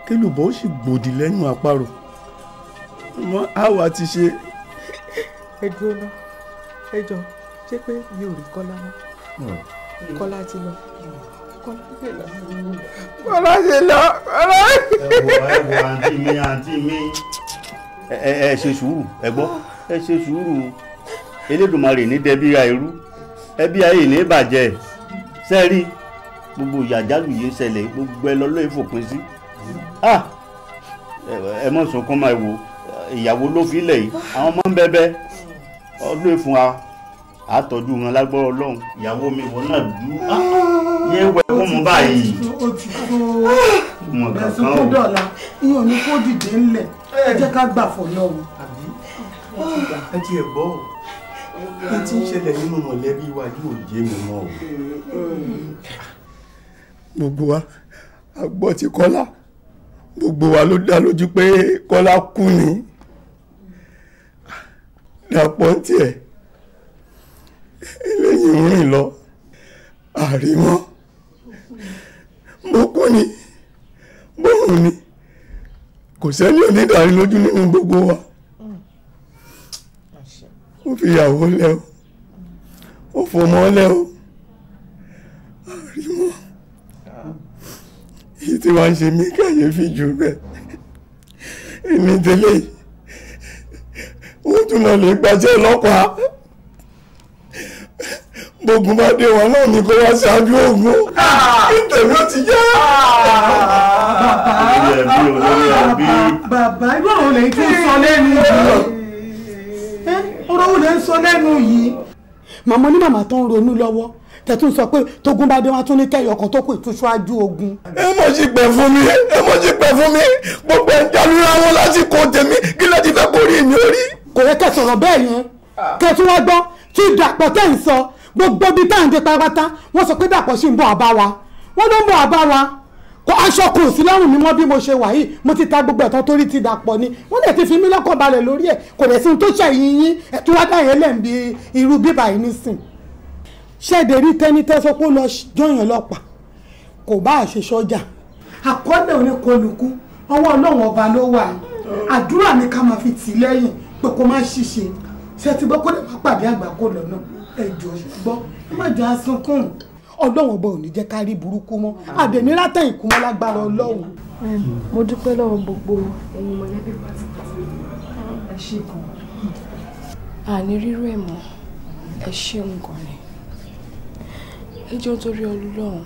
Speaker 6: kélùbọ́ ó sì gbòdì lẹ́nu àparò mọ àwa ti ṣe. ẹ dúró ná ẹ jọ ṣé pé mi ò rí kọ́lá mọ́ hmm. kọ́lá ti lọ kọ́lá ti lọ
Speaker 5: kọ́lá
Speaker 6: ẹ wò àǹtí mi àǹtí mi ẹ ṣe sùúrù ẹ gbọ́ ẹ ṣe sùúrù Elédùmarè ní dẹbí irú ẹbí ayé ní bàjẹ́ sẹ́rí gbogbo ìyàjálù yìí ń ṣẹlẹ̀ gbogbo ẹ lọ́lọ́ ìfòpin sí ah! ẹ mọ̀ sunkún máa wò ìyàwó ló fi lẹ̀ yìí àwọn ọmọ ń bẹbẹ ọdún ìfún wa àtọ́jú wọn lágbọ́rọ̀ ọlọ́run ìyàwó mi wọn náà dú
Speaker 5: ah! yé wẹ kó mú báyìí.
Speaker 6: ó ah! o kó ẹ̀sùn kó dọ̀la ìyẹn ò ní kó dìde ńlẹ̀ ẹ jẹ́ ká gbà fọ̀ lọ́wọ́. ẹ ti ẹ̀ gbọ́ ẹ ti ń ṣẹlẹ̀ nínú mọ̀lẹ́bí wa yóò jẹ́ mi mọ́ o. Mm, mm gbogbo wa a gbọ́ ti kọ́lá gbogbo wa ló dá lójú pé kọ́lá kú ni dàpọ̀ ń tiẹ̀ eléyìí rìn lọ àrímọ́ mo kú ni bóun ni kò sẹ́ni onídàárí lójú nínú gbogbo wa ó fi ìyàwó lẹ́ o ó fọmọ lẹ́ èyí tí wọ́n ń ṣe mí kàyéfì jù bẹ́ẹ̀ èmi délé wọ́n tún lọ lè gbàjẹ́ ọlọ́pàá
Speaker 5: gbogbo bá dé wọn náà ni kó wá ṣáájú ogun ìtẹ̀mí ó ti yá. bàbá
Speaker 6: irú ọ̀rọ̀ lè tún sọ lẹ́nu yìí ọ̀rọ̀ wo lè ń sọ lẹ́nu yìí. màmá ní màmá tó ń ronú lọ́wọ́ tẹ̀tún sọ pé tógun bá dé wọn tún ní kẹyọ kan tó kù ìtúṣáájú ogun. ẹ mọ̀ sí pẹ̀ fún mi ẹ mọ̀ sí pẹ̀ fún mi gbogbo ẹ̀ ń jalúra wọn lásìkò tèmi kí ló ti fẹ́ kórìí mi orí. kò yẹ kẹ́ sọ̀rọ̀ bẹ́ẹ̀ yẹn kẹ́ tún wá gbọ́ tí dàpọ̀ tẹ̀ ń sọ gbogbo bíi tá à ń dé pátápátá wọ́n sọ pé dàpọ̀ sí ń bọ̀ àbá wa wọ́n ló ń bọ̀ àbá wa kó aṣọ kò sí lọ́rùn mi mọ́ bí mo ṣe wà yìí mo ti ta gbogbo ẹ̀tọ́ torí ti dàpọ̀ ni wọ́n lè ti fi mí lọ́kàn balẹ̀ lórí ẹ̀ kò lè sí tó ṣẹ̀yìn yín ẹ̀ tó wá dá yẹn lẹ́ǹbi irú bíbá yìí nísìn ṣẹ́ẹ̀dẹ̀ rí tẹ́ni tẹ́sọ́ pé ó lọ jọyàn lọ́pàá kò bá àṣẹ sọ́jà. àkọọ́lẹ̀ oníkolùkù ọwọ́ ọlọ́run ọba ló wà àdúrà ni ká máa fi tì í lẹ́yìn pé kó má ṣìṣe ṣe ti gbọ́ kó lè má pàdé àgbà kó lọ́nà ẹ̀jọ̀ gbọ́ ẹ má jọ asunkún ọlọ́run ọba ò ní jẹ́ ká rí burúkú mọ́
Speaker 3: àdèmírà tẹ̀ ìkú mọ́ lágbára ọlọ́run. mo dúpẹ́ lọ́wọ́ gbogbo ẹ̀yin mọ̀lẹ́bí pátápátá ẹ ṣe gan àní rírú ẹ̀ mọ́ ẹ ṣeun gan-an ẹjọ́ nítorí Ọlọ́run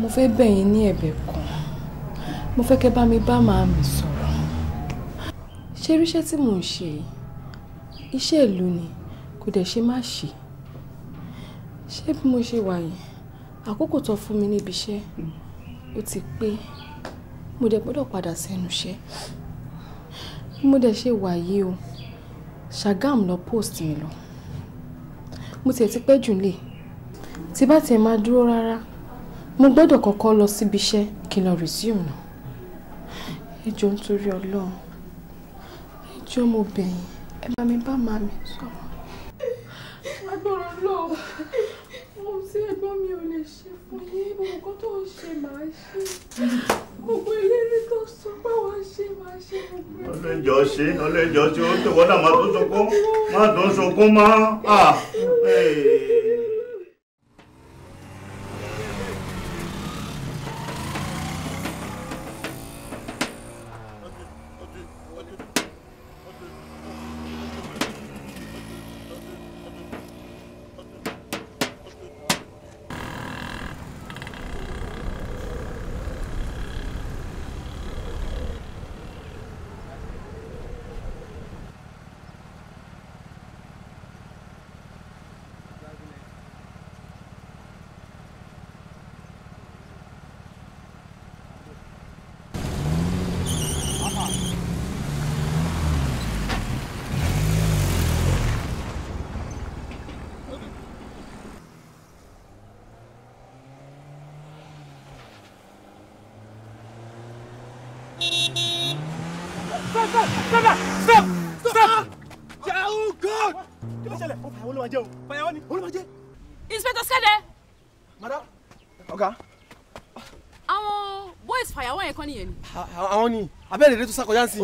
Speaker 3: mo fẹ́ bẹ̀ yín ní ẹ̀bẹ̀ kan mo fẹ́ kẹ́ bá mi bá màá mi sọ̀rọ̀ ṣé ríṣẹ́ tí mò ń ṣe yìí iṣẹ́ ìlú ni kò dẹ̀ ṣe má ṣe ṣé bí mo ṣe wà yìí àkókò tó fún mi níbi iṣẹ́ ó ti pé mo dẹ̀ gbọ́dọ̀ padà sẹ́nu iṣẹ́ bí mo dẹ̀ ṣe wà yìí o Ṣàgámù lọ post mi lọ mo tiẹ̀ ti pẹ́ jù lè tí bá tiẹ̀ máa dúró rárá mo gbọ́dọ̀ kọ́kọ́ lọ síbi iṣẹ́ kí n lọ resume nà ẹ jọ̀ọ́ nítorí ọlọ́run ẹ jọ̀ọ́ mo bẹ̀ yín ẹ bá mi bá màá mi sọ̀rọ̀. agbára ọlọ́run mo sí ẹ̀gbọ́n mi ò lè ṣe fún yín gbogbo tó ń ṣe màá ṣe gbogbo ìlérí tó sọ pé wàá ṣe màá ṣe
Speaker 6: gbogbo. ọlẹ́jọ́ ṣe ọlẹ́jọ́ ṣe ó tẹ̀wọ́ náà máa tó sunkún máa tó sunkún máa. abẹ́rẹ́ rẹ tó sàkọjá sí.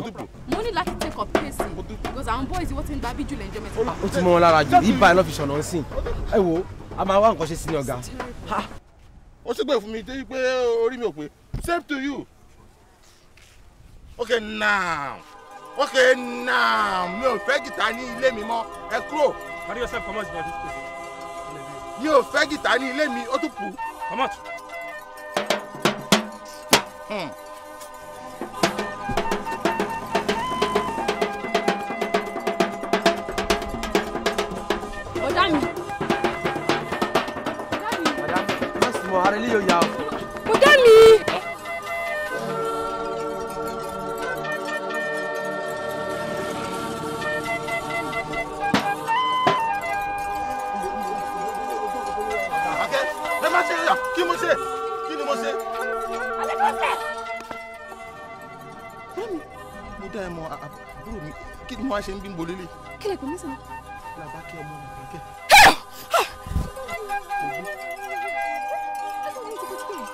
Speaker 3: mo ní láti take up pace because àwọn boys wọ́n ti ń gbàbí jùlọ ẹjọ́ mẹ́ta. ó ti mọ wọn lára jù ibà lọ́ọ́
Speaker 6: fi ṣọ̀nà sí ẹ wo a máa wá nǹkan ṣe sí ní ọ̀gá.
Speaker 3: ó sì gbé fún mi
Speaker 2: débi pé orí mi ò pé same to you okay now okay now mi ò fẹ́ gìtá ní ilé mi mọ́ ẹ kúrò. carry yourself comot by this place. mi ò fẹ́ gìtá ní ilé mi ó tún kù. comot.
Speaker 4: Hmm.
Speaker 6: ara ilé yóò yá o. bùdá mi. kí mo ṣe kí ni mo ṣe. ọ̀lẹ́ kò sẹ̀.
Speaker 2: bẹ́ẹ̀ni. mo dá ẹ mọ àbúrò mi kí ni mo wá ṣe ń bí mo lélẹ̀. kílẹ̀ kò ní sàn. làbákẹ́ ọmọ mi kẹ́.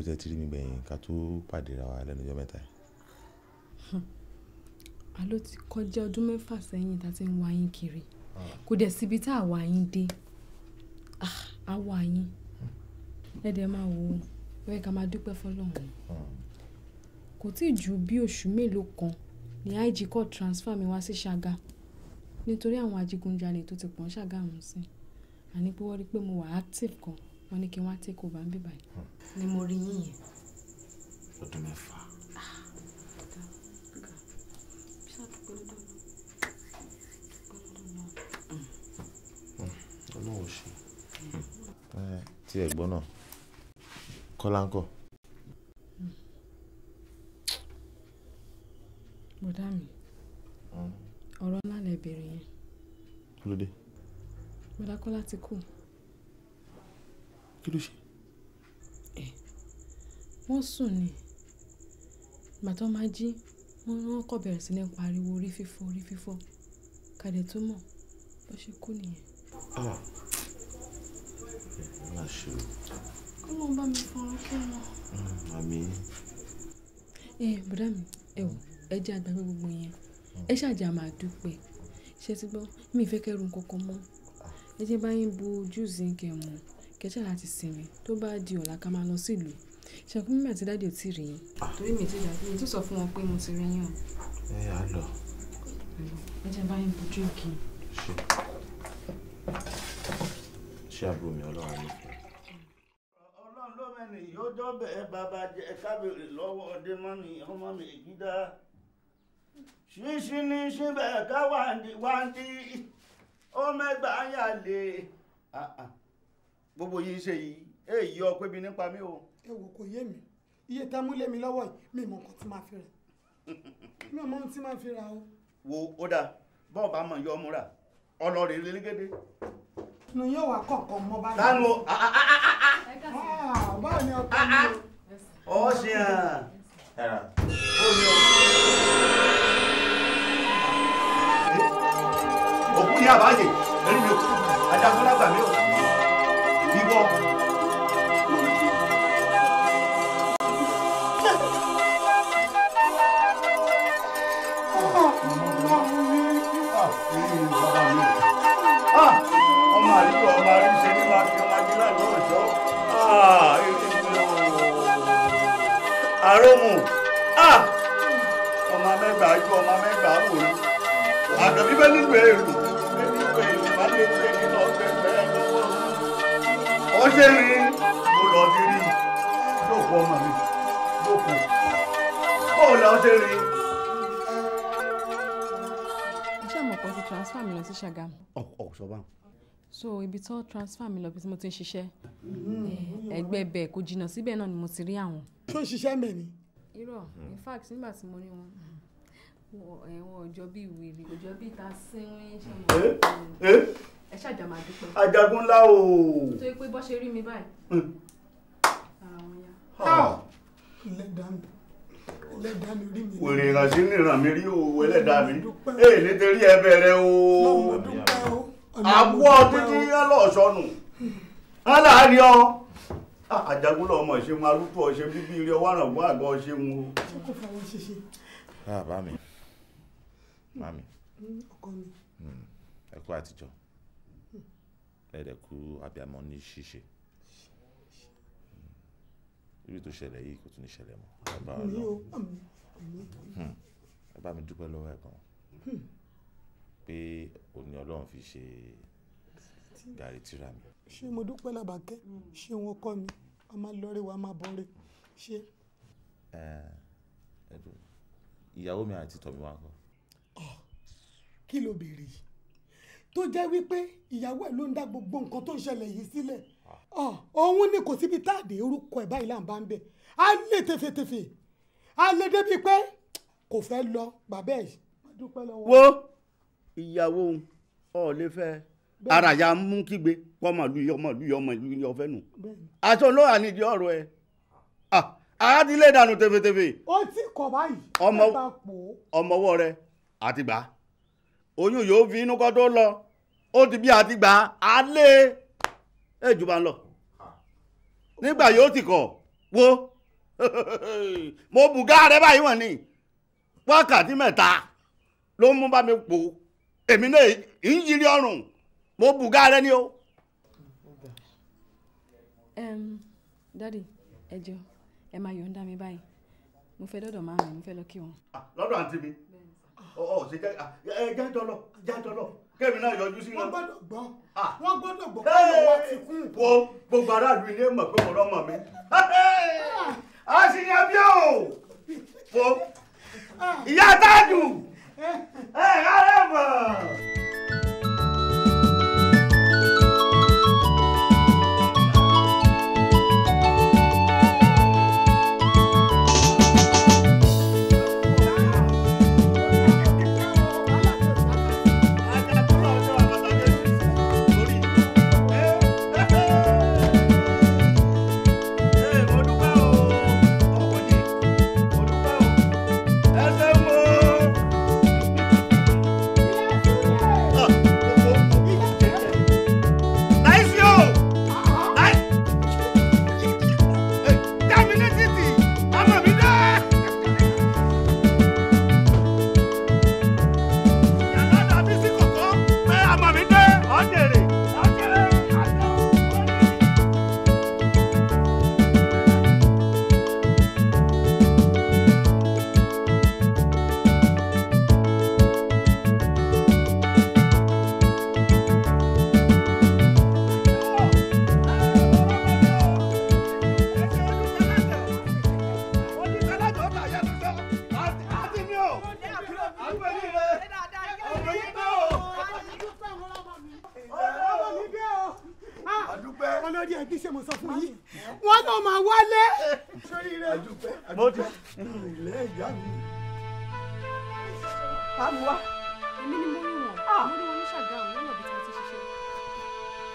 Speaker 2: ló tẹ́ tí rí mi gbẹ̀yìn ká tó pàdé ra wa lẹ́nu ọjọ́ mẹ́ta
Speaker 5: yìí.
Speaker 3: a ti kọjá ọdún mẹ́fà sẹ́yìn tá a ti ń wá yín kiri ah. kò dẹ̀ síbi tá a wá yín dé ah, a wá yín lẹ́dẹ̀ẹ́ máa wò ó bẹ́ẹ̀ ká máa dúpẹ́ fọlọ́run ah. kò tí ì ju bí oṣù mélòó kan ni IG court transfer mi wá sí ṣága nítorí àwọn ajigunjalè tó ti pọ̀ ń ṣàgámù sí àní pé wọ́n rí i pé mo wà active kan wọ́n ní kí wọ́n á tẹ́kọ̀ bá ń bí báyìí hmm. ni mo rí yín yẹn. ọdún mẹ́fà. Ah, hmm.
Speaker 2: ọlọ́wọ́ ṣe eh, tí ẹ gbọ́ náà kọ́lá ń kọ́.
Speaker 3: bùdá mi hmm. ọ̀rọ̀ ńlá lẹ bèrè yẹn. kí ló dé. bùdá kọ́lá ti kú kí ló ṣe. ẹ wọ́n sùn ni ìgbà tó máa jí wọ́n wọ́n kọ̀ bẹ̀rẹ̀ sí ní pariwo orí fífọ́ orí fífọ́ kàdé tó mọ̀ bó ṣe kú nìyẹn.
Speaker 2: ọ̀ ah. ẹ̀ ń wá ṣe o.
Speaker 3: kí ló ń bá mi fọ́n kí wọn.
Speaker 2: Hmm, àmì.
Speaker 3: ẹ bùdá mi ẹ wò ẹ jẹ́ àgbàgbé gbogbo yẹn ẹ ṣàjà máa dúpẹ́ ṣe ti gbọ́ mi ìfẹ́ kẹ́rù kankan mọ́ ah. ẹ jẹ́ báyìí bu júùsì kẹ̀ kẹ́ṣà láti sinmi tó bá di ọ̀la ká máa lọ sílùú ṣàkóso mímọ àti dáàdi ò tí ì rí yín. Ah. torí mi ti dàbí mi tún sọ fún wọn pé mo ti rí yín o. ẹ á lọ. ẹ jẹ́ báyìí bu dírìkì.
Speaker 6: ṣe ṣé àbúrò mi ọlọ́run ló fẹ́. ọlọ́run ló mẹ́ni yóò dọ́bẹ̀ ẹ bàbá jẹ kábèrè lọ́wọ́ ọdẹ mọ́ mi ọmọ mi gíga ṣíṣí ní síbẹ̀ ká wáńdí wáńdí ó mẹ́gbàá yà lé. Ah, ah gbogbo yìí ṣe yìí èyí ọ pé bí nípa mi o. ẹ wò kò yé mi iye tá a mú lé mi lọ́wọ́ yìí mi mọ nǹkan tí máa fi rà mi mọ ohun tí máa fi rà o. wo ó dáa bọ́ọ̀ bá mọ̀ yọ ọmú rà ọlọ́ọ̀rẹ́ lélẹ́gẹ́dẹ́. nu yóò wá kọ̀ọ̀kan mọ́ báyìí. tánu báwo ni ọkọ
Speaker 4: ah, mi. Ah.
Speaker 5: ọ ṣe hàn. ẹ̀rà ó ní ọkọ.
Speaker 6: òkú ni àbáyé ẹni mi ò ajagunlágbà mi ò. àròmù ah, ah, ọmọ mẹ́gbà ju ọmọ mẹ́gbà wò ni àdàbí bẹ́ẹ̀ nílùú èrò bẹ́ẹ̀ nílùú èrò má lè gbé nínú ọgbẹ́ bẹ́ẹ̀ lọ́wọ́ ọ ṣe mo lọ bí rí
Speaker 3: lóòpọ̀ ọmọ mi lóòpọ̀
Speaker 5: bóò lọ ṣe rí. iṣẹ́
Speaker 3: mọ̀pọ̀ ti transfer mi lọ sí Ṣàgámù. ọ̀ ọ̀ sọ báwọn so ibi tó transfer mi lọ bí mo ti ń ṣiṣẹ́ mm. eh, ẹgbẹ́ bẹ́ẹ̀ kò jìnnà síbẹ̀ náà ni mo ti rí àwọn. tó ń ṣiṣẹ́ mẹ́ ni. irọ́ mm. in fact nígbà tí mo rí wọn ẹ̀wọ̀n eh, ọjọ́ bíi wèrè ọjọ́ bíi ta sínwín ṣe mọ̀ eh? ẹ ṣàjà dúpẹ́.
Speaker 6: ajagun ńlá o.
Speaker 3: tó yẹ pé bọ́ ṣe rí mi báyìí. Hmm. Ah. ẹlẹ́dàá mi ẹlẹ́dàá mi rí mi. wèrè ìrànṣẹ́
Speaker 6: nìran mi rí o ẹlẹ́dàá mi. èyí nítorí ẹ bẹ̀rẹ̀ o. lọ́mọdúpẹ́ o àwọ̀ títí ọlọ́ọ̀ṣọ́nù wọn láàárín ọ ah, àjàgúnlọ ọmọ ìṣeun arúgbó ọṣẹ bíbí ilé ọwọ́ àràǹgbọ́n àgọ́ ọṣẹun o.
Speaker 2: bàbá mi mami hmm, hmm, ẹ kú àtijọ́ hmm. ẹ̀ẹ́dẹ̀kú abiyamọ ní ṣíṣe ibi tó ṣẹlẹ̀ yìí kò tún ní ṣẹlẹ̀ mọ́ ẹ bá mi dúpẹ́ lọ́wọ́ ẹ̀ gan-an pé òní ọlọ́run fi ṣe gàrí tíra mi.
Speaker 6: ṣé mo dúpẹ́ làbàkẹ́ ṣé wọn kọ́ mi a máa lọ́ọ́rẹ́ wa máa bọ́ọ́rẹ́ ṣé.
Speaker 2: ẹ ẹ dùn ìyàwó mi àti tọ̀mí wa kọ́.
Speaker 6: kí ló béèrè yìí tó jẹ́ wípé ìyàwó ẹ̀ ló ń dá gbogbo nǹkan tó ń ṣẹlẹ̀ yìí sílẹ̀ òun ni kò síbi táàdé orúkọ ẹ̀ báyìí là ń bá ń bẹ̀ á lè tefetefe á lè débi pé kò fẹ́ lọ bàbá ẹ̀. wo ìyàwó ọ̀ lè fẹ ara ya mú kígbe kọ́ màlúù yọ màlúù nù aṣọ olóyà ah dànù ti kọ̀ báyìí ọmọ ọmọwọ rẹ àtìgbà oyún yóò fi inú lọ ó ti bí àtìgbà alẹ́ Ejuba ń lọ nígbà yóò ti kọ wo mo bùgá rẹ báyìí ni wákàtí ló mú bá mi èmi náà ń yiri ọrùn mo bùgá rẹ ni o.
Speaker 3: dadi ẹ jọ ẹ máa yọ̀ǹda mi báyìí mo fẹ́ dọ́dọ̀ máa rìn mo fẹ́ lọ kí wọn.
Speaker 6: Ah, lọ́dọ̀ àǹtí mi ọ̀ ṣe jẹ́ ah, ẹ jẹ́ dọ́lọ̀ jẹ́ dọ́lọ̀ kẹ́mi náà yọjú sí wọn. wọ́n gbọ́dọ̀ gbọ́ ah. wọ́n gbọ́dọ̀ gbọ́ kọ́lọ̀ wa ti kú. wo gbogbo aráàlú ilé mọ̀ pé mo rọ́mọ mi. a sì yan bí o. wo ìyá táàdù.
Speaker 5: É, caramba!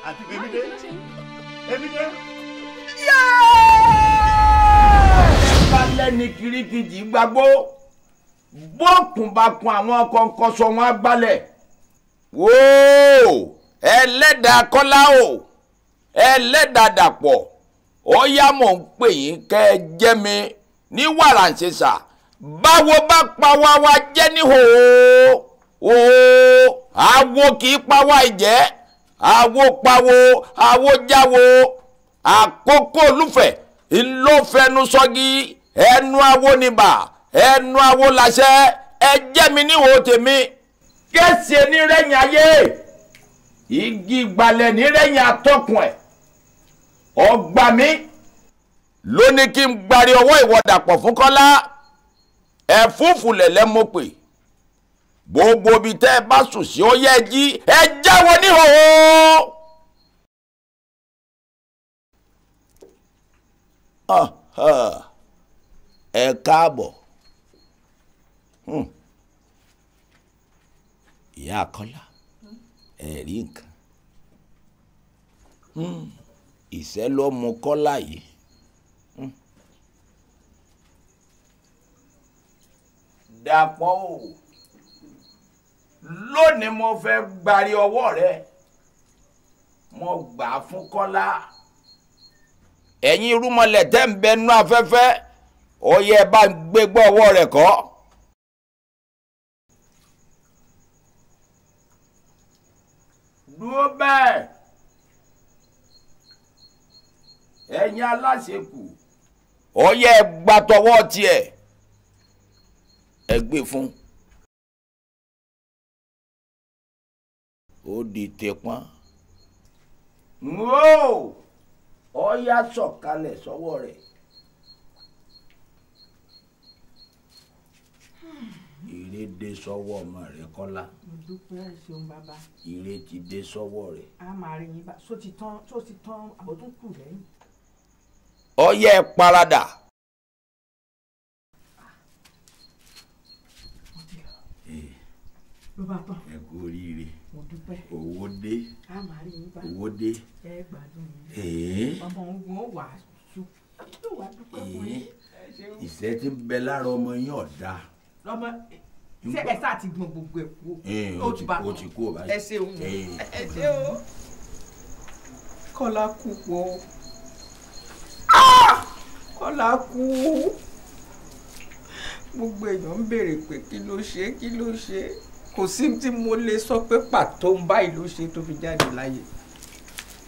Speaker 5: àti èmi dé èmi dé.
Speaker 6: balẹ̀ ni kirikiji gbagbó bókunbakun àwọn kọ̀ǹkọ̀sọ̀ wọn gbalẹ̀. wóò ẹlẹ́dàá kọ́lá o ẹlẹ́dàá dàpọ̀ ó yá mọ̀ ń pè yín kẹ́ ẹ jẹ́ mi ní wàràǹṣeṣà báwo bá pa wá wá jẹ́ níhòòhò àwo kì í pa wá ìjẹ́ àwòpawò àwòjáwò àkókò olúfẹ̀ ló ẹnu awo nìbà ẹnu awo làṣẹ ẹ jẹ́ mi níwò tèmi kẹ́sì onírẹ́yìn ayé igi ìgbàlẹ̀ nírẹ́yìn atọ́kùn ẹ̀ ọgbà mi ló ní kí n gbari ọwọ́ ìwọ Dàpọ̀ fún Kọ́lá ẹ̀fúùfù lẹ̀lẹ́ mo pè gbogbo ibi tẹ́ ẹ bá sùn sí ó yẹ jí ẹ jáwọ́ níhòòhò. ẹ káàbọ̀ hmm. ìyá àkọ́lá ẹ rí nǹkan hmm. ìṣẹ́ ló mú kọ́lá yìí. Hmm. dàpọ̀ lónìí mo fẹ́ gbari ọwọ́ rẹ mo gbà á fún kọ́lá ẹ̀yin irúmọlẹ̀ tẹ́ ń bẹnu afẹ́fẹ́ ó yẹ bá ń gbégbọ́ ọwọ́ rẹ̀ kọ́.
Speaker 1: dúró bẹ́ẹ̀
Speaker 6: ẹ̀yin aláṣekù ó yẹ gbàtọwọ́ tiẹ̀ ẹ gbé e fún un. ó di tẹpọ́n. mo ọ̀ya sọ̀kalẹ̀ sọ́wọ́ rẹ̀. ire dé sọ́wọ́ ọmọ rẹ̀ kọ́lá. mo dúpẹ́ ṣeun bàbá. ire ti dé sọ́wọ́ rẹ̀. a máa rí yín bá so ti tán so ti tán àbótún kù lẹ́yìn. ọ̀yẹ́ paradà. ló bá tán. ẹ kú oríire owó dé owó dé. ẹ gbádùn yín ọmọ ogun ó wà yóò wá dúpẹ́ fún yín. ìṣẹ́ ti ń bẹ lára ọmọ yín ọ̀dà. lọ́mọ ṣé ẹ sá ti gbọn gbogbo ẹ̀ kú ó ti bá tán ẹ ṣeun ẹ ṣeun kọ́lá kú pọ̀ ah! kọ́lá kú gbogbo èèyàn ń béèrè pé kí ló ṣe kí ló ṣe kò sí tí mo lè sọ pé pàtó ń báyìí ló ṣe tó fi jáde láyé.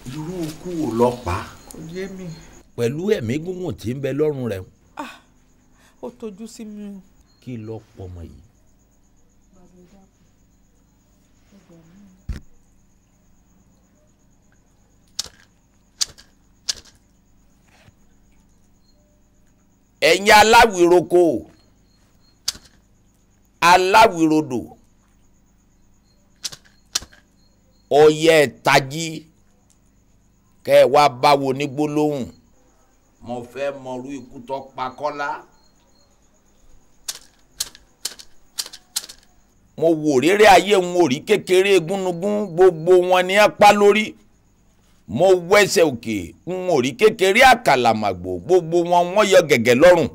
Speaker 2: irú ikú wo lọ pa. kò yé mi. pẹ̀lú ẹ̀mí gígùn tí ń bẹ lọ́rùn rẹ̀. ah
Speaker 3: ó tojú sí mi o.
Speaker 2: kí ló pọmọ yìí.
Speaker 6: ẹ̀yin aláwìroko aláwìrodò ọyẹ ẹ̀tají kẹ́ ẹ wá báwo ní gbólóhùn mo fẹ́ mọrú ikú tó pa Kọ́lá. mo wò réré ayé ń orí kékeré gúnugún gbogbo wọn ni á pa lórí
Speaker 2: mo wẹsẹ̀ òkè ń orí kékeré àkàlàmàgbò gbogbo wọn wọ́n yọ gẹ̀gẹ̀ lọ́rùn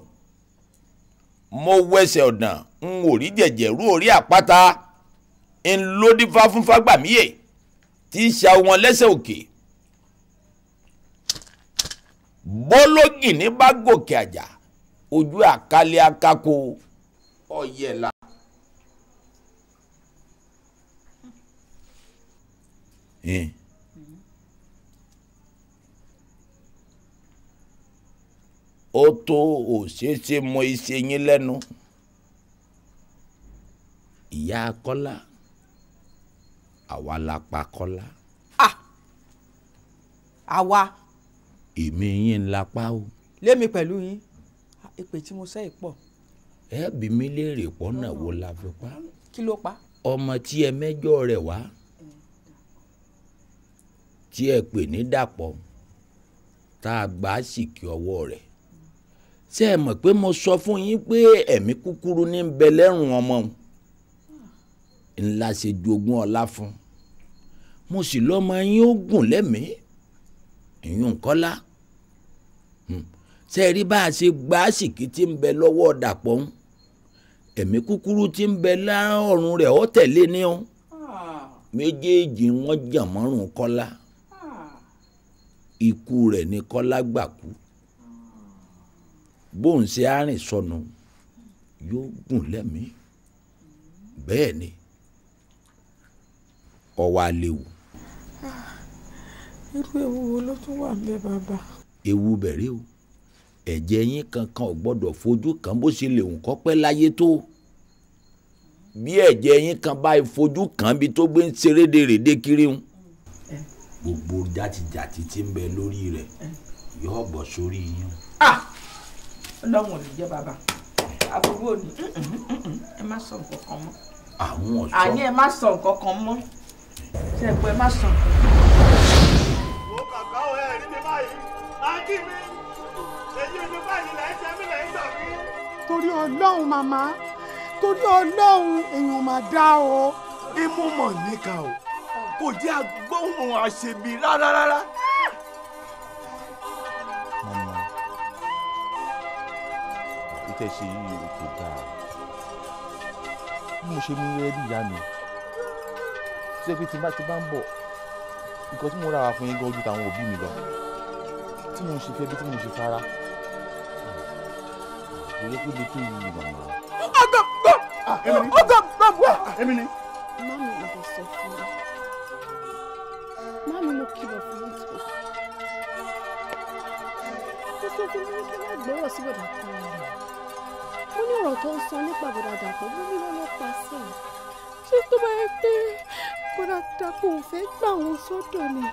Speaker 2: mo wẹsẹ̀ ọ̀dàn ń orí jẹ̀jẹ̀ rú
Speaker 6: orí àpáta ń lódífá fún fágbàmíyè tí í ṣe àwọn lẹ́sẹ̀ òkè bọ́lọ́gìnní bá gòkè àjà ojú àkálẹ̀ akáko
Speaker 2: ọ̀yẹ̀là. Eh.
Speaker 6: ó tó òṣèṣe mọ iṣẹ́ yín lẹ́nu ìyá kọ́lá àwa la pa Kọ́lá. ah àwa.
Speaker 2: èmi yín ń lapá o.
Speaker 6: lémi pẹ̀lú yín ìpè tí mo sẹ́yìn pọ̀. ẹ bí mi léèrè pọ́ náà wo la fi pa. kí ló pa. ọmọ tí ẹ mẹ́jọ rẹ̀ wá tí ẹ pè ní dàpọ̀ tá a gbà á sì kí ọwọ́ rẹ̀ ṣé ẹ mọ̀ pé mo sọ fún yín pé ẹ̀mí kúkúrú ní ń bẹ lẹ́rùn ọmọ ńlá ṣe jogún ọlá fún un mo sì lọ́mọ yín ó gùn lẹ́mìí ìyún kọ́lá hmm. ṣe rí bá a ṣe gba àsìkí tí ń bẹ lọ́wọ́ dàpọ̀ ń ẹ̀mí kúkúrú tí ń bẹ lọ́rùn rẹ̀ ó tẹ̀lé ní ọ́n méjèèjì wọ́n jà mọ́rùn kọ́lá ikú rẹ̀ ni kọ́lá gbà kú bóun ṣe arìn sọnù yóò gùn lẹ́mìí bẹ́ẹ̀ ni ọwọ́ àlewò irú ewu wo ló tún wà ńbẹ̀ bàbá. ewu bẹ̀rẹ̀ o ẹ̀jẹ̀ yín kankan ò gbọ́dọ̀ fojú kan bó ṣe lè hùn kó pẹ́ láyé tó bí ẹ̀jẹ̀ yín kan bá fojú kan bí tó gbé ń ṣeré dèrèdè kiri ń gbogbo játijàti tí ń bẹ lórí rẹ̀ yóò bọ̀ sórí yín. Ah! ọlọ́run ò ní jẹ́ bàbá àbúrò ni ẹ má sọ nǹkan kan mọ́ àwọn ọ̀ṣọ́ àní
Speaker 4: ẹ má sọ nǹkan kan mọ́ ṣe pé ẹ má sọ nǹkan kan.
Speaker 6: torí ọlọ́run màmá torí ọlọ́run èèyàn mà dá o. imú mọ̀ níka o kò jẹ́ agbóhùn àṣebí rárá rárá.
Speaker 5: màmá
Speaker 2: ìtẹ̀sí yìí kò dáa bí mo ṣe mú rẹ́ bí ìyá mi tí ẹ pé ti bá ń bọ̀ nǹkan tí mo ra wà fún yín gan ojú tàwọn òbí mi lọ tí mo ń ṣe fẹ́ bí tí mo ń ṣe fara kò yẹ kó lè tó yìí màmá. ọgọ gbọ ọgọ
Speaker 3: gbọ gbọ. èmi ni. má mi ò lè sọ fún mi má mi mo kìlọ̀ fún mi tó. mo sọ fún mi kí wọ́n gbọ́rọ̀ sí bọ̀dà kan rẹ̀. mo ní ọ̀rọ̀ tó ń sọ nípa bọ̀dà dàpọ̀ mo ní lọ́lọ́ pa sí i. ṣé tó bá yẹ pé bọ̀dà dàpọ̀ ò fẹ́ gbà wọn sọ́dọ̀ ni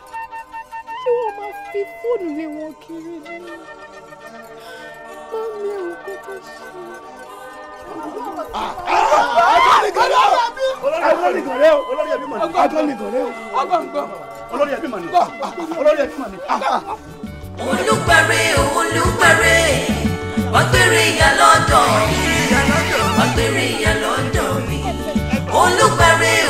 Speaker 3: tí wọ́n máa fi fóònù lé wọn kiri ni.
Speaker 5: má mi ò olùgbàrè
Speaker 1: olùgbàrè ọgbẹrẹ ìyá lọ́dọ̀ mi ọgbẹrẹ ìyá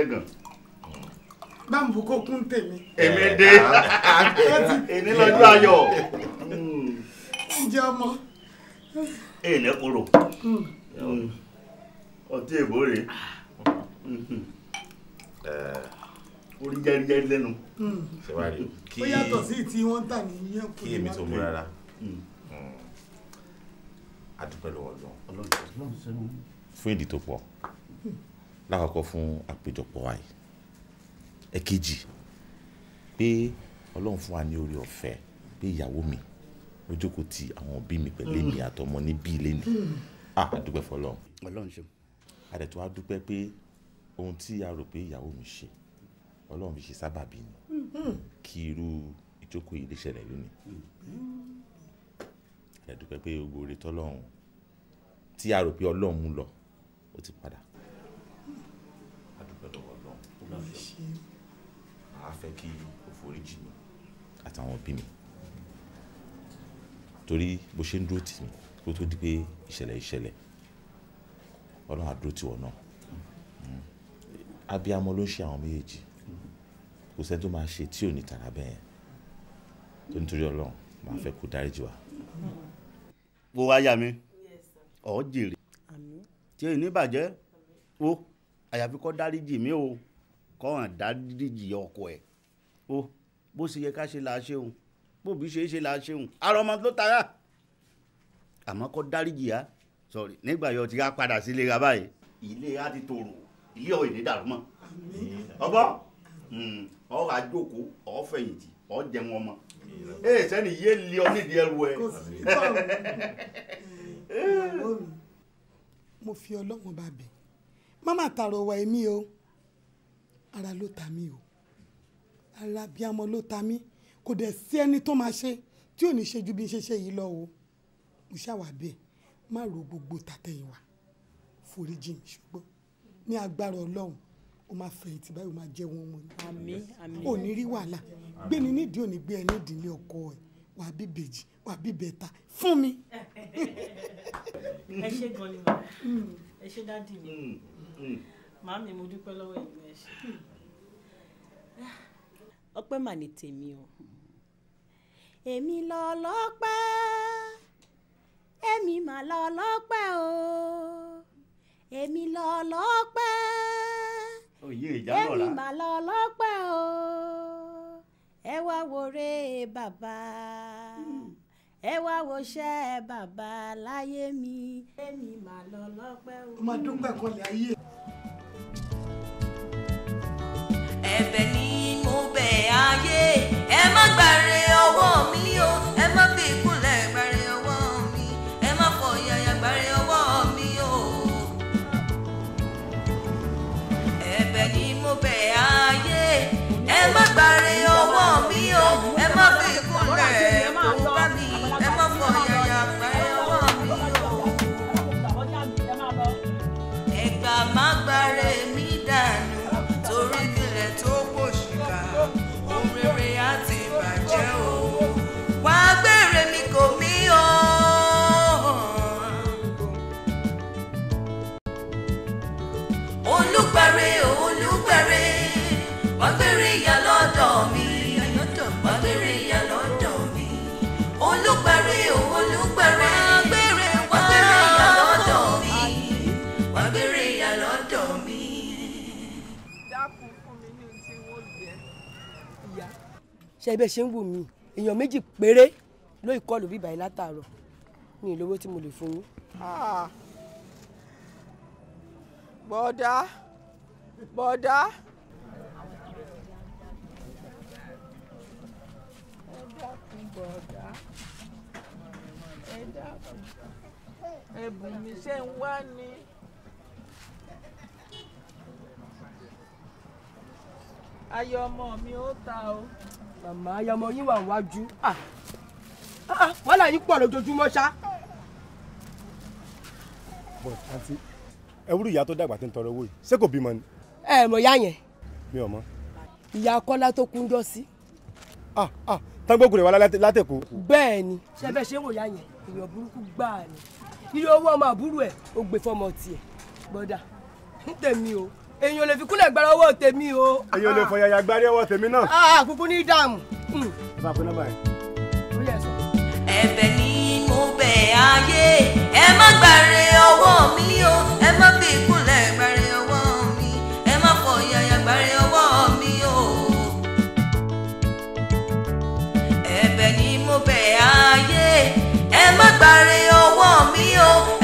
Speaker 6: ẹlẹ́gàn. báwo kò kún tèmi. èmi eh. dé èmi lọ́jọ́ ayọ̀. ǹjẹ́ ọmọ. èèní kúrò hmm. ọtí èbó rè é
Speaker 2: eh. orí jẹ́rìjẹ́rì lẹ́nu. Hmm. ó yàtọ̀ sí tí wọ́n tà ní yẹn kúrò. kí èmi tó mú rárá hmm. a dúpẹ́ lọ́wọ́ lọ́wọ́ fún ìdí tó pọ̀ lákọ̀ọ́kọ́ fún àpéjọpọ̀ wa yìí ẹ̀kejì pé ọlọ́run fún wa ní oore ọ̀fẹ́ pé ìyàwó mi ó ti àwọn òbí mi pẹ̀lú èmi àtọmọ níbí ilé ni a dúpẹ́ fọlọ́run ọlọ́run ṣe àdẹ̀tọ́ wa dúpẹ́ pé ohun tí a rò pé ìyàwó mi ṣe ọlọ́run fi ṣe sábàbí ni kí irú ìjókòó yìí lè ṣẹlẹ̀ lónìí àdẹ̀dúpẹ́ pé gbogbo oore tọ́lọ́run tí a rò pé ọlọ́run mú lọ ó ti padà lọ́dọ̀ ọlọ́run ó bá mi ṣe màá fẹ́ kí o foríjì mi àtàwọn òbí mi torí bó ṣe ń dúró tì mí kó tó di pé ìṣẹ̀lẹ̀ ìṣẹ̀lẹ̀ ọlọ́run á dúró tì wọ́n náà hmm. abiyamọ ló ń ṣe àwọn méjèèjì kò sẹ́ni tó máa ṣe tí ò ní tara bẹ́ẹ̀ tó nítorí ọlọ́run máa fẹ́ kó dáríjì wá. wo wá yà
Speaker 6: ọ̀ jèrè tí èyí ní bàjẹ́ wo àyàfi kọ́ dáríjì mi o kọ́ hàn dáríjì ọkọ ẹ̀ o bó ṣe yẹ ká ṣe là á ṣeun bóbi ṣe é ṣe là á ṣeun ara ọmọ ló tara àmọ́ kọ́ dáríjì á sọ̀rí nígbà yọ ti á padà sílé ra báyìí ilé á ti tòrò ilé ọ̀ ìdí dàrú mọ́ ọgbọ́n hmm, ọ̀rọ̀ àjòkó ọ̀fẹ̀yìntì ọ̀jẹ̀wọ̀n ọmọ ee sẹ́ni yé lé ọ nídìí ẹrù ẹ. mo fi ọlọ́run bá bẹ̀ mama tààrọ̀ wà èmi o ara ló ta mí o ara bíi amọ ló ta mí kò dẹ̀ sí ẹni tó máa ṣe tí ò ní ṣe ju bí n ṣe ṣe yìí lọ o mo ṣàwà bẹ́ẹ̀ má ro gbogbo tàtẹ̀yìnwá foríjì mi ṣùgbọ́n ní agbára ọlọ́run o máa fẹ̀yìntì báyìí o máa jẹ́ wọn wọn. àmín àmín. ò ní rí wàhálà gbéni nídìí ò ní gbé ẹni ìdílé ọkọ ẹ wà á bí bèjì wà á bí bẹ̀ta fún mi.
Speaker 4: ẹ ṣe gan ni màá mm. ẹ ṣe dádì mi. Mm. Mm. màámi mo dúpẹ́ lọ́wọ́ ìlú ẹ̀ ṣe. ọpẹ́ mà ní tèmi o èmi lọ lọ́pẹ́ èmi mà lọ lọ́pẹ́ o èmi lọ lọ́pẹ́ èmi mà lọ lọ́pẹ́ o ẹ wá wọ̀rẹ́ bàbá. Mm. ẹ wá wo ṣẹ́ bàbá láyé mi èmi mà lọ lọ́pẹ́ o. ó máa dúpẹ́ kan lè
Speaker 1: ayé. ẹ̀bẹ̀ ni mo bẹ̀ ayé ẹ má gbàre ọwọ́ mi o ẹ má fi ìkúnlẹ̀ gbàre ọwọ́ mi ẹ má fọ yàyà gbàre ọwọ́ mi o. ẹ̀bẹ̀ ni mo bẹ̀ ayé
Speaker 5: ẹ má gbàre ọwọ́ mi.
Speaker 4: ṣe ibẹ̀ ṣe ń wù mí èèyàn méjì péré ló ìkọlù bíbà yìí látàárọ̀ ní ìlówó tí mo lè fún yín. Ah. bọ́dá
Speaker 6: bọ́dá.
Speaker 1: bọ́dá
Speaker 5: ẹ dákun
Speaker 1: ẹ̀bùn mi ṣe ń
Speaker 6: wá ni. ayọ̀ ọmọ mi ó ta o màmá ayọmọ yín wà wájú ah, ah, ah, wàhálà yìí pọ̀ lójoojúmọ́ ṣá. bọ̀ àǹtí ẹwúrú ìyá tó dàgbà tí ń tọrọ owó yìí ṣé kò bímọ ni. ẹ mọ ìyá yẹn. mi ò mọ. ìyá kọ́lá tó kún jọ sí. ah ah tágbógun rẹ̀ wá látẹ̀kọ́. bẹ́ẹ̀ ni ṣẹbẹ̀ ṣé wò ìyá yẹn èèyàn burúkú gbáà ni iye owó ọmọ àbúrò ẹ̀ ó gbé fọmọ tiẹ̀ bọ́dà ń tẹ̀mí o èèyàn lè fi kúnlẹ̀ gbára ọwọ́ tèmi o. èèyàn lè ah. fọyàyà gbárí ọwọ́ tèmi náà. a ah, kúkú ní dààmú.
Speaker 1: bá hmm. a pe nọ́mbà yẹn. ẹ̀bẹ̀ ni mo bẹ̀ ayé ẹ má gbàre ọwọ́ mi o ẹ má fi kúnlẹ̀ gbàre ọwọ́ mi ẹ má fọyàyà gbàre ọwọ́ mi o. ẹ̀bẹ̀ ni mo bẹ̀ ayé ẹ má gbàre ọwọ́ mi o.